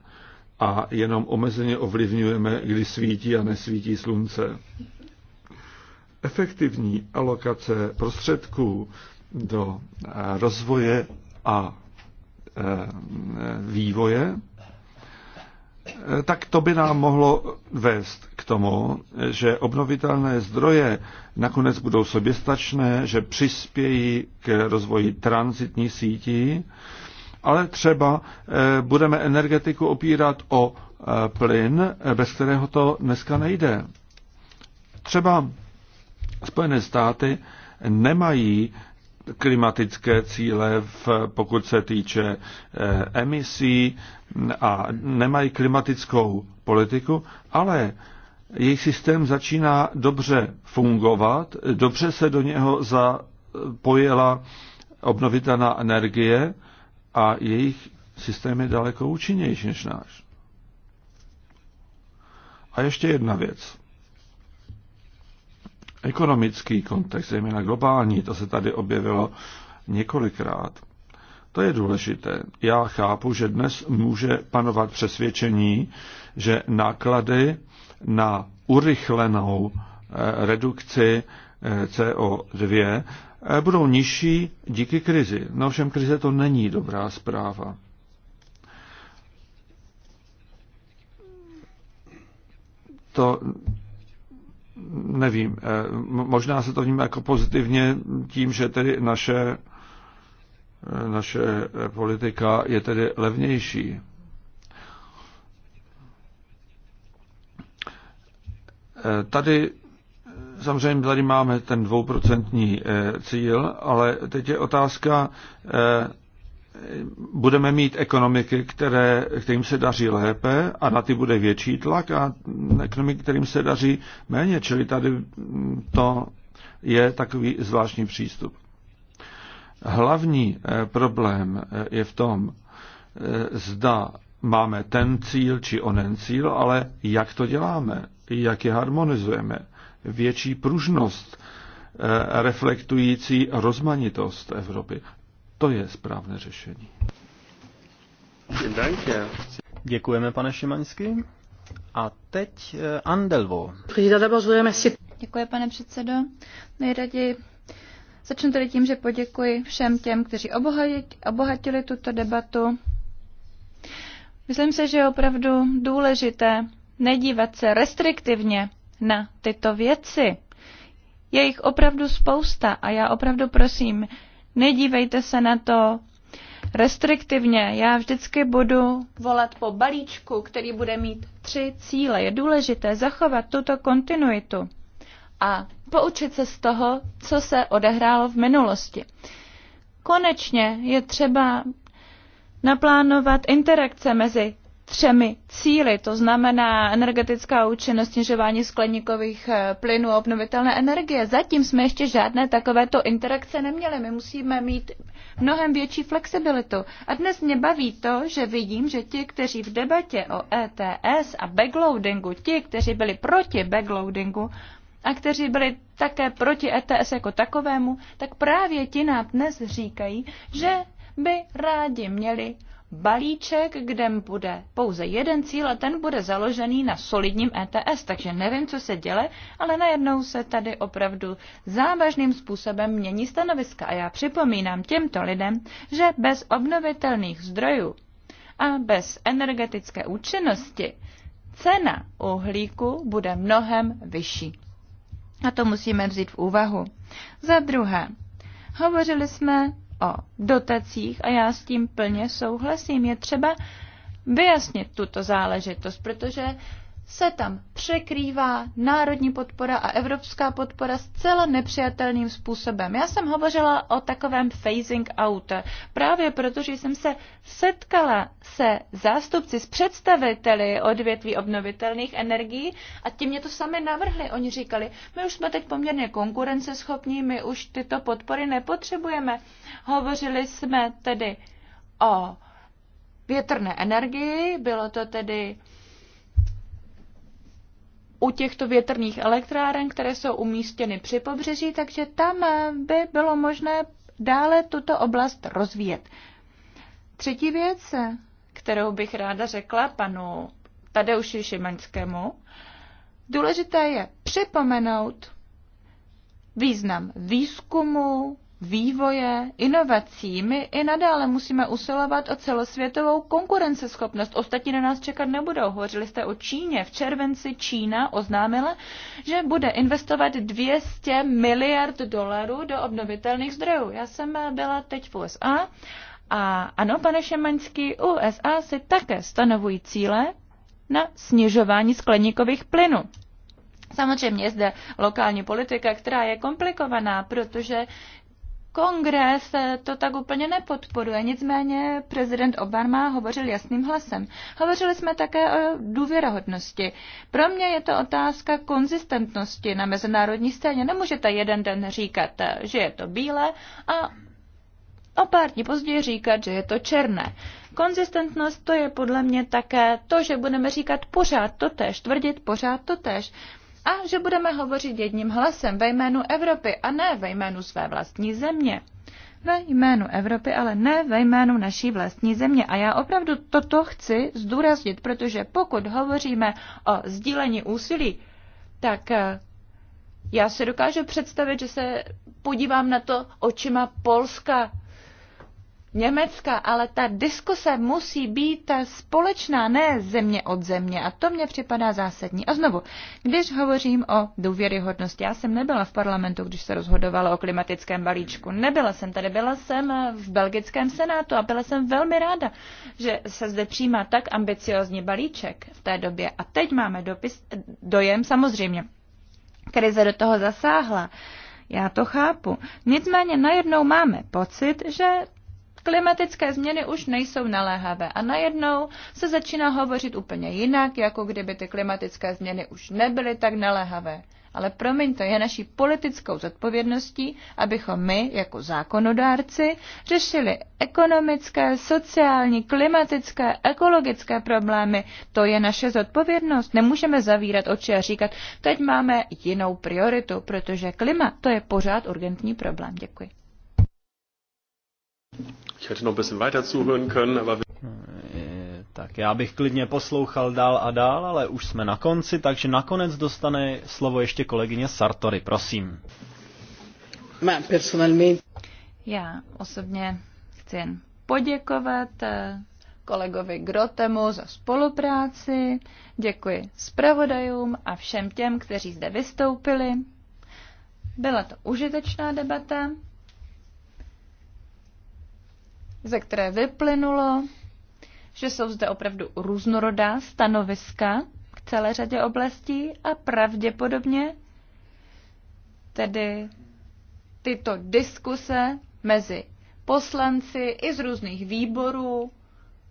A jenom omezeně ovlivňujeme, kdy svítí a nesvítí slunce. Efektivní alokace prostředků do eh, rozvoje a vývoje Eh, tak to by nám mohlo vést k tomu, že obnovitelné zdroje nakonec budou soběstačné, že přispějí k rozvoji transitní sítí, ale třeba eh, budeme energetiku opírat o eh, plyn, bez kterého to dneska nejde. Třeba Spojené státy nemají klimatické cíle, v, pokud se týče eh, emisí a nemají klimatickou politiku, ale jejich systém začíná dobře fungovat, dobře se do něho zapojila obnovitelná energie a jejich systém je daleko účinnější než náš. A ještě jedna věc. Ekonomický kontext, zejména globální, to se tady objevilo několikrát. To je důležité. Já chápu, že dnes může panovat přesvědčení, že náklady na urychlenou eh, redukci eh, CO2 eh, budou nižší díky krizi. No ovšem krize to není dobrá zpráva. To nevím, eh, možná se to vnímá jako pozitivně tím, že tedy naše, eh, naše eh, politika je tedy levnější. Tady samozřejmě tady máme ten dvouprocentní cíl, ale teď je otázka, budeme mít ekonomiky, které, kterým se daří lépe a na ty bude větší tlak a ekonomiky, kterým se daří méně. Čili tady to je takový zvláštní přístup. Hlavní eh, problém eh, je v tom, eh, zda máme ten cíl či onen cíl, ale jak to děláme, jak je harmonizujeme. Větší pružnost reflektující rozmanitost Evropy. To je správné řešení. Děkujeme, pane Šimaňský. A teď eh, Andelvo. Děkuji, pane předsedo. Nejraději začnu tedy tím, že poděkuji všem těm, kteří obohatili tuto debatu. Myslím se, že je opravdu důležité nedívat se restriktivně na tyto věci. Je jich opravdu spousta a já opravdu prosím Nedívejte se na to restriktivně. Já vždycky budu volat po balíčku, který bude mít tři cíle. Je důležité zachovat tuto kontinuitu a poučit se z toho, co se odehrálo v minulosti. Konečně je třeba naplánovat interakce mezi třemi cíly, to znamená energetická účinnost, snižování skleníkových eh, plynů a obnovitelné energie. Zatím jsme ještě žádné takovéto interakce neměli. My musíme mít mnohem větší flexibilitu. A dnes mě baví to, že vidím, že ti, kteří v debatě o ETS a backloadingu, ti, kteří byli proti backloadingu a kteří byli také proti ETS jako takovému, tak právě ti nám dnes říkají, že by rádi měli balíček, kde bude pouze jeden cíl a ten bude založený na solidním ETS, takže nevím, co se děle, ale najednou se tady opravdu závažným způsobem mění stanoviska a já připomínám těmto lidem, že bez obnovitelných zdrojů a bez energetické účinnosti cena uhlíku bude mnohem vyšší. A to musíme vzít v úvahu. Za druhé, hovořili jsme o dotacích a já s tím plně souhlasím. Je třeba vyjasnit tuto záležitost, protože se tam překrývá národní podpora a evropská podpora zcela nepřijatelným způsobem. Já jsem hovořila o takovém phasing out, právě protože jsem se setkala se zástupci s představiteli odvětví obnovitelných energií a ti mě to sami navrhli. Oni říkali, my už jsme teď poměrně konkurenceschopní, my už tyto podpory nepotřebujeme. Hovořili jsme tedy o větrné energii, bylo to tedy u těchto větrných elektráren, které jsou umístěny při pobřeží, takže tam eh, by bylo možné dále tuto oblast rozvíjet. Třetí věc, eh, kterou bych ráda řekla panu Tadeuši Šimaňskému, důležité je připomenout význam výzkumu, vývoje, inovací. My i nadále musíme usilovat o celosvětovou konkurenceschopnost. Ostatní na nás čekat nebudou. Hovořili jste o Číně. V červenci Čína oznámila, že bude investovat 200 miliard dolarů do obnovitelných zdrojů. Já jsem byla teď v USA a ano, pane Šemaňský, USA si také stanovují cíle na snižování skleníkových plynů. Samozřejmě je zde lokální politika, která je komplikovaná, protože Kongres eh, to tak úplně nepodporuje, nicméně prezident Obama hovořil jasným hlasem. Hovořili jsme také o důvěrohodnosti. Pro mě je to otázka konzistentnosti na mezinárodní scéně. Nemůžete jeden den říkat, eh, že je to bílé a o pár dní později říkat, že je to černé. Konzistentnost to je podle mě také to, že budeme říkat pořád tež, tvrdit pořád tež a že budeme hovořit jedním hlasem ve jménu Evropy a ne ve jménu své vlastní země. Ve jménu Evropy, ale ne ve jménu naší vlastní země. A já opravdu toto chci zdůraznit, protože pokud hovoříme o sdílení úsilí, tak eh, já si dokážu představit, že se podívám na to očima Polska Německa, ale ta diskuse musí být společná, ne země od země a to mně připadá zásadní. A znovu, když hovořím o důvěryhodnosti, já jsem nebyla v parlamentu, když se rozhodovalo o klimatickém balíčku, nebyla jsem tady, byla jsem v belgickém senátu a byla jsem velmi ráda, že se zde přijímá tak ambiciozní balíček v té době a teď máme dopis, dojem samozřejmě, krize do toho zasáhla. Já to chápu. Nicméně najednou máme pocit, že klimatické změny už nejsou naléhavé a najednou se začíná hovořit úplně jinak, jako kdyby ty klimatické změny už nebyly tak naléhavé. Ale to je naší politickou zodpovědností, abychom my, jako zákonodárci, řešili ekonomické, sociální, klimatické, ekologické problémy. To je naše zodpovědnost. Nemůžeme zavírat oči a říkat, teď máme jinou prioritu, protože klima to je pořád urgentní problém. Děkuji. Ich hätte noch ein bisschen weiter zuhören können, aber... Eh, tak já bych klidně poslouchal dál a dál, ale už jsme na konci, takže nakonec dostane slovo ještě kolegyně Sartory, prosím. Mám Já osobně chci jen poděkovat eh, kolegovi Grotemu za spolupráci, děkuji zpravodajům a všem těm, kteří zde vystoupili. Byla to užitečná debata, ze které vyplynulo, že jsou zde opravdu různorodá stanoviska k celé řadě oblastí a pravděpodobně tedy tyto diskuse mezi poslanci i z různých výborů,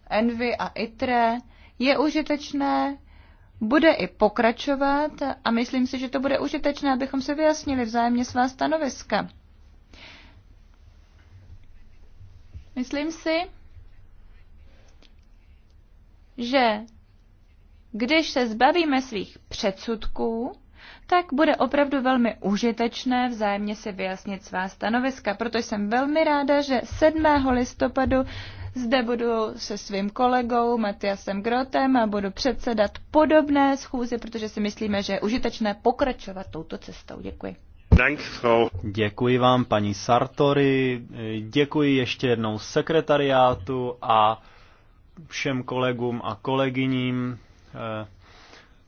Envy a ITRE, je užitečné, bude i pokračovat a myslím si, že to bude užitečné, abychom se vyjasnili vzájemně svá stanoviska. Myslím si, že když se zbavíme svých předsudků, tak bude opravdu velmi užitečné vzájemně si vyjasnit svá stanoviska. Proto jsem velmi ráda, že 7. listopadu zde budu se svým kolegou Matiasem Grotem a budu předsedat podobné schůzi, protože si myslíme, že je užitečné pokračovat touto cestou. Děkuji. Děkuji vám, paní Sartori, děkuji ještě jednou sekretariátu a všem kolegům a kolegyním. Eh,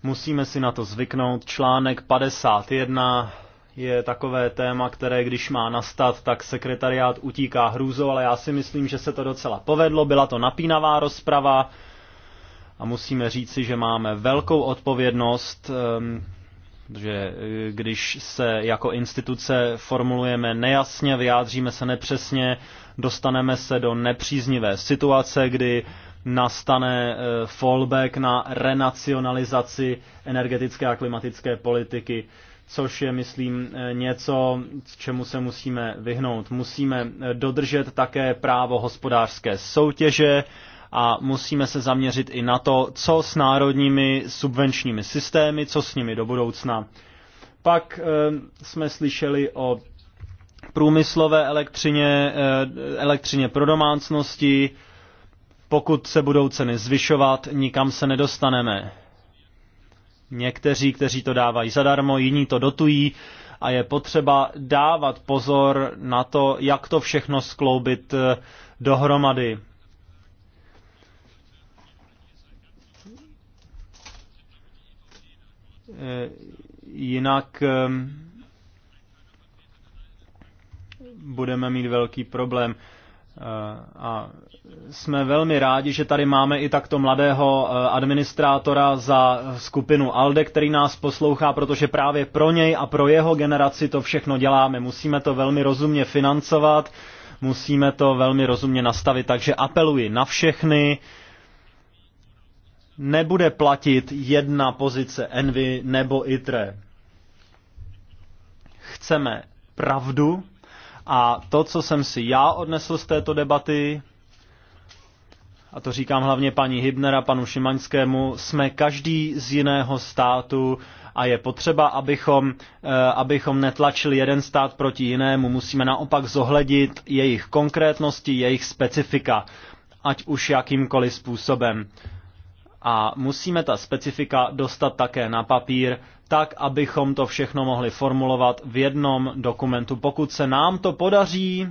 musíme si na to zvyknout. Článek 51 je takové téma, které když má nastat, tak sekretariát utíká hrůzou, ale já si myslím, že se to docela povedlo. Byla to napínavá rozprava a musíme říci, že máme velkou odpovědnost ehm, Protože eh, když se jako instituce formulujeme nejasně, vyjádříme se nepřesně, dostaneme se do nepříznivé situace, kdy nastane eh, fallback na renacionalizaci energetické a klimatické politiky, což je, myslím, eh, něco, čemu se musíme vyhnout. Musíme dodržet také právo hospodářské soutěže, a musíme se zaměřit i na to, co s národními subvenčními systémy, co s nimi do budoucna. Pak e, jsme slyšeli o průmyslové elektřině, e, elektřině pro domácnosti. Pokud se budou ceny zvyšovat, nikam se nedostaneme. Někteří, kteří to dávají zadarmo, jiní to dotují a je potřeba dávat pozor na to, jak to všechno skloubit eh, dohromady. Eh, jinak ehm, budeme mít velký problém. Eh, a jsme velmi rádi, že tady máme i takto mladého eh, administrátora za skupinu ALDE, který nás poslouchá, protože právě pro něj a pro jeho generaci to všechno děláme. Musíme to velmi rozumně financovat, musíme to velmi rozumně nastavit, takže apeluji na všechny, nebude platit jedna pozice Envy nebo ITRE. Chceme pravdu a to, co jsem si já odnesl z této debaty, a to říkám hlavně paní Hibner a panu Šimaňskému, jsme každý z jiného státu a je potřeba, abychom, eh, abychom netlačili jeden stát proti jinému. Musíme naopak zohlednit jejich konkrétnosti, jejich specifika, ať už jakýmkoliv způsobem a musíme ta specifika dostat také na papír, tak abychom to všechno mohli formulovat v jednom dokumentu. Pokud se nám to podaří,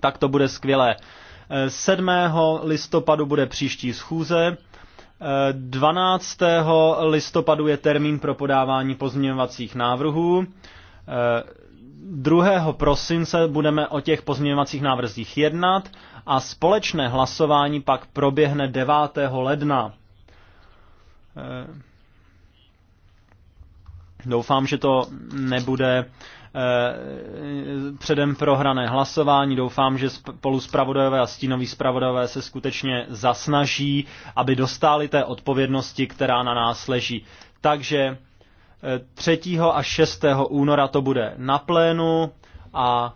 tak to bude skvělé. 7. listopadu bude příští schůze. 12. listopadu je termín pro podávání pozměňovacích návrhů. 2. prosince budeme o těch pozměňovacích návrzích jednat a společné hlasování pak proběhne 9. ledna. Eh, doufám, že to nebude eh, předem prohrané hlasování. Doufám, že spolu zpravodajové a stínoví zpravodajové se skutečně zasnaží, aby dostali té odpovědnosti, která na nás leží. Takže 3. Eh, a 6. února to bude na plénu a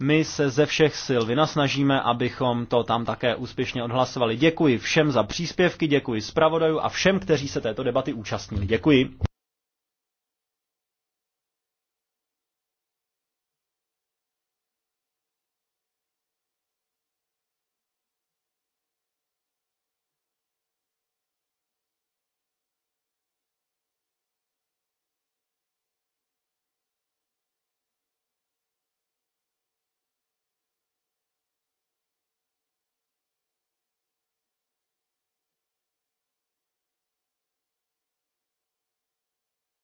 my se ze všech sil vynasnažíme, abychom to tam také úspěšně odhlasovali. Děkuji všem za příspěvky, děkuji zpravodaju a všem, kteří se této debaty účastnili. Děkuji.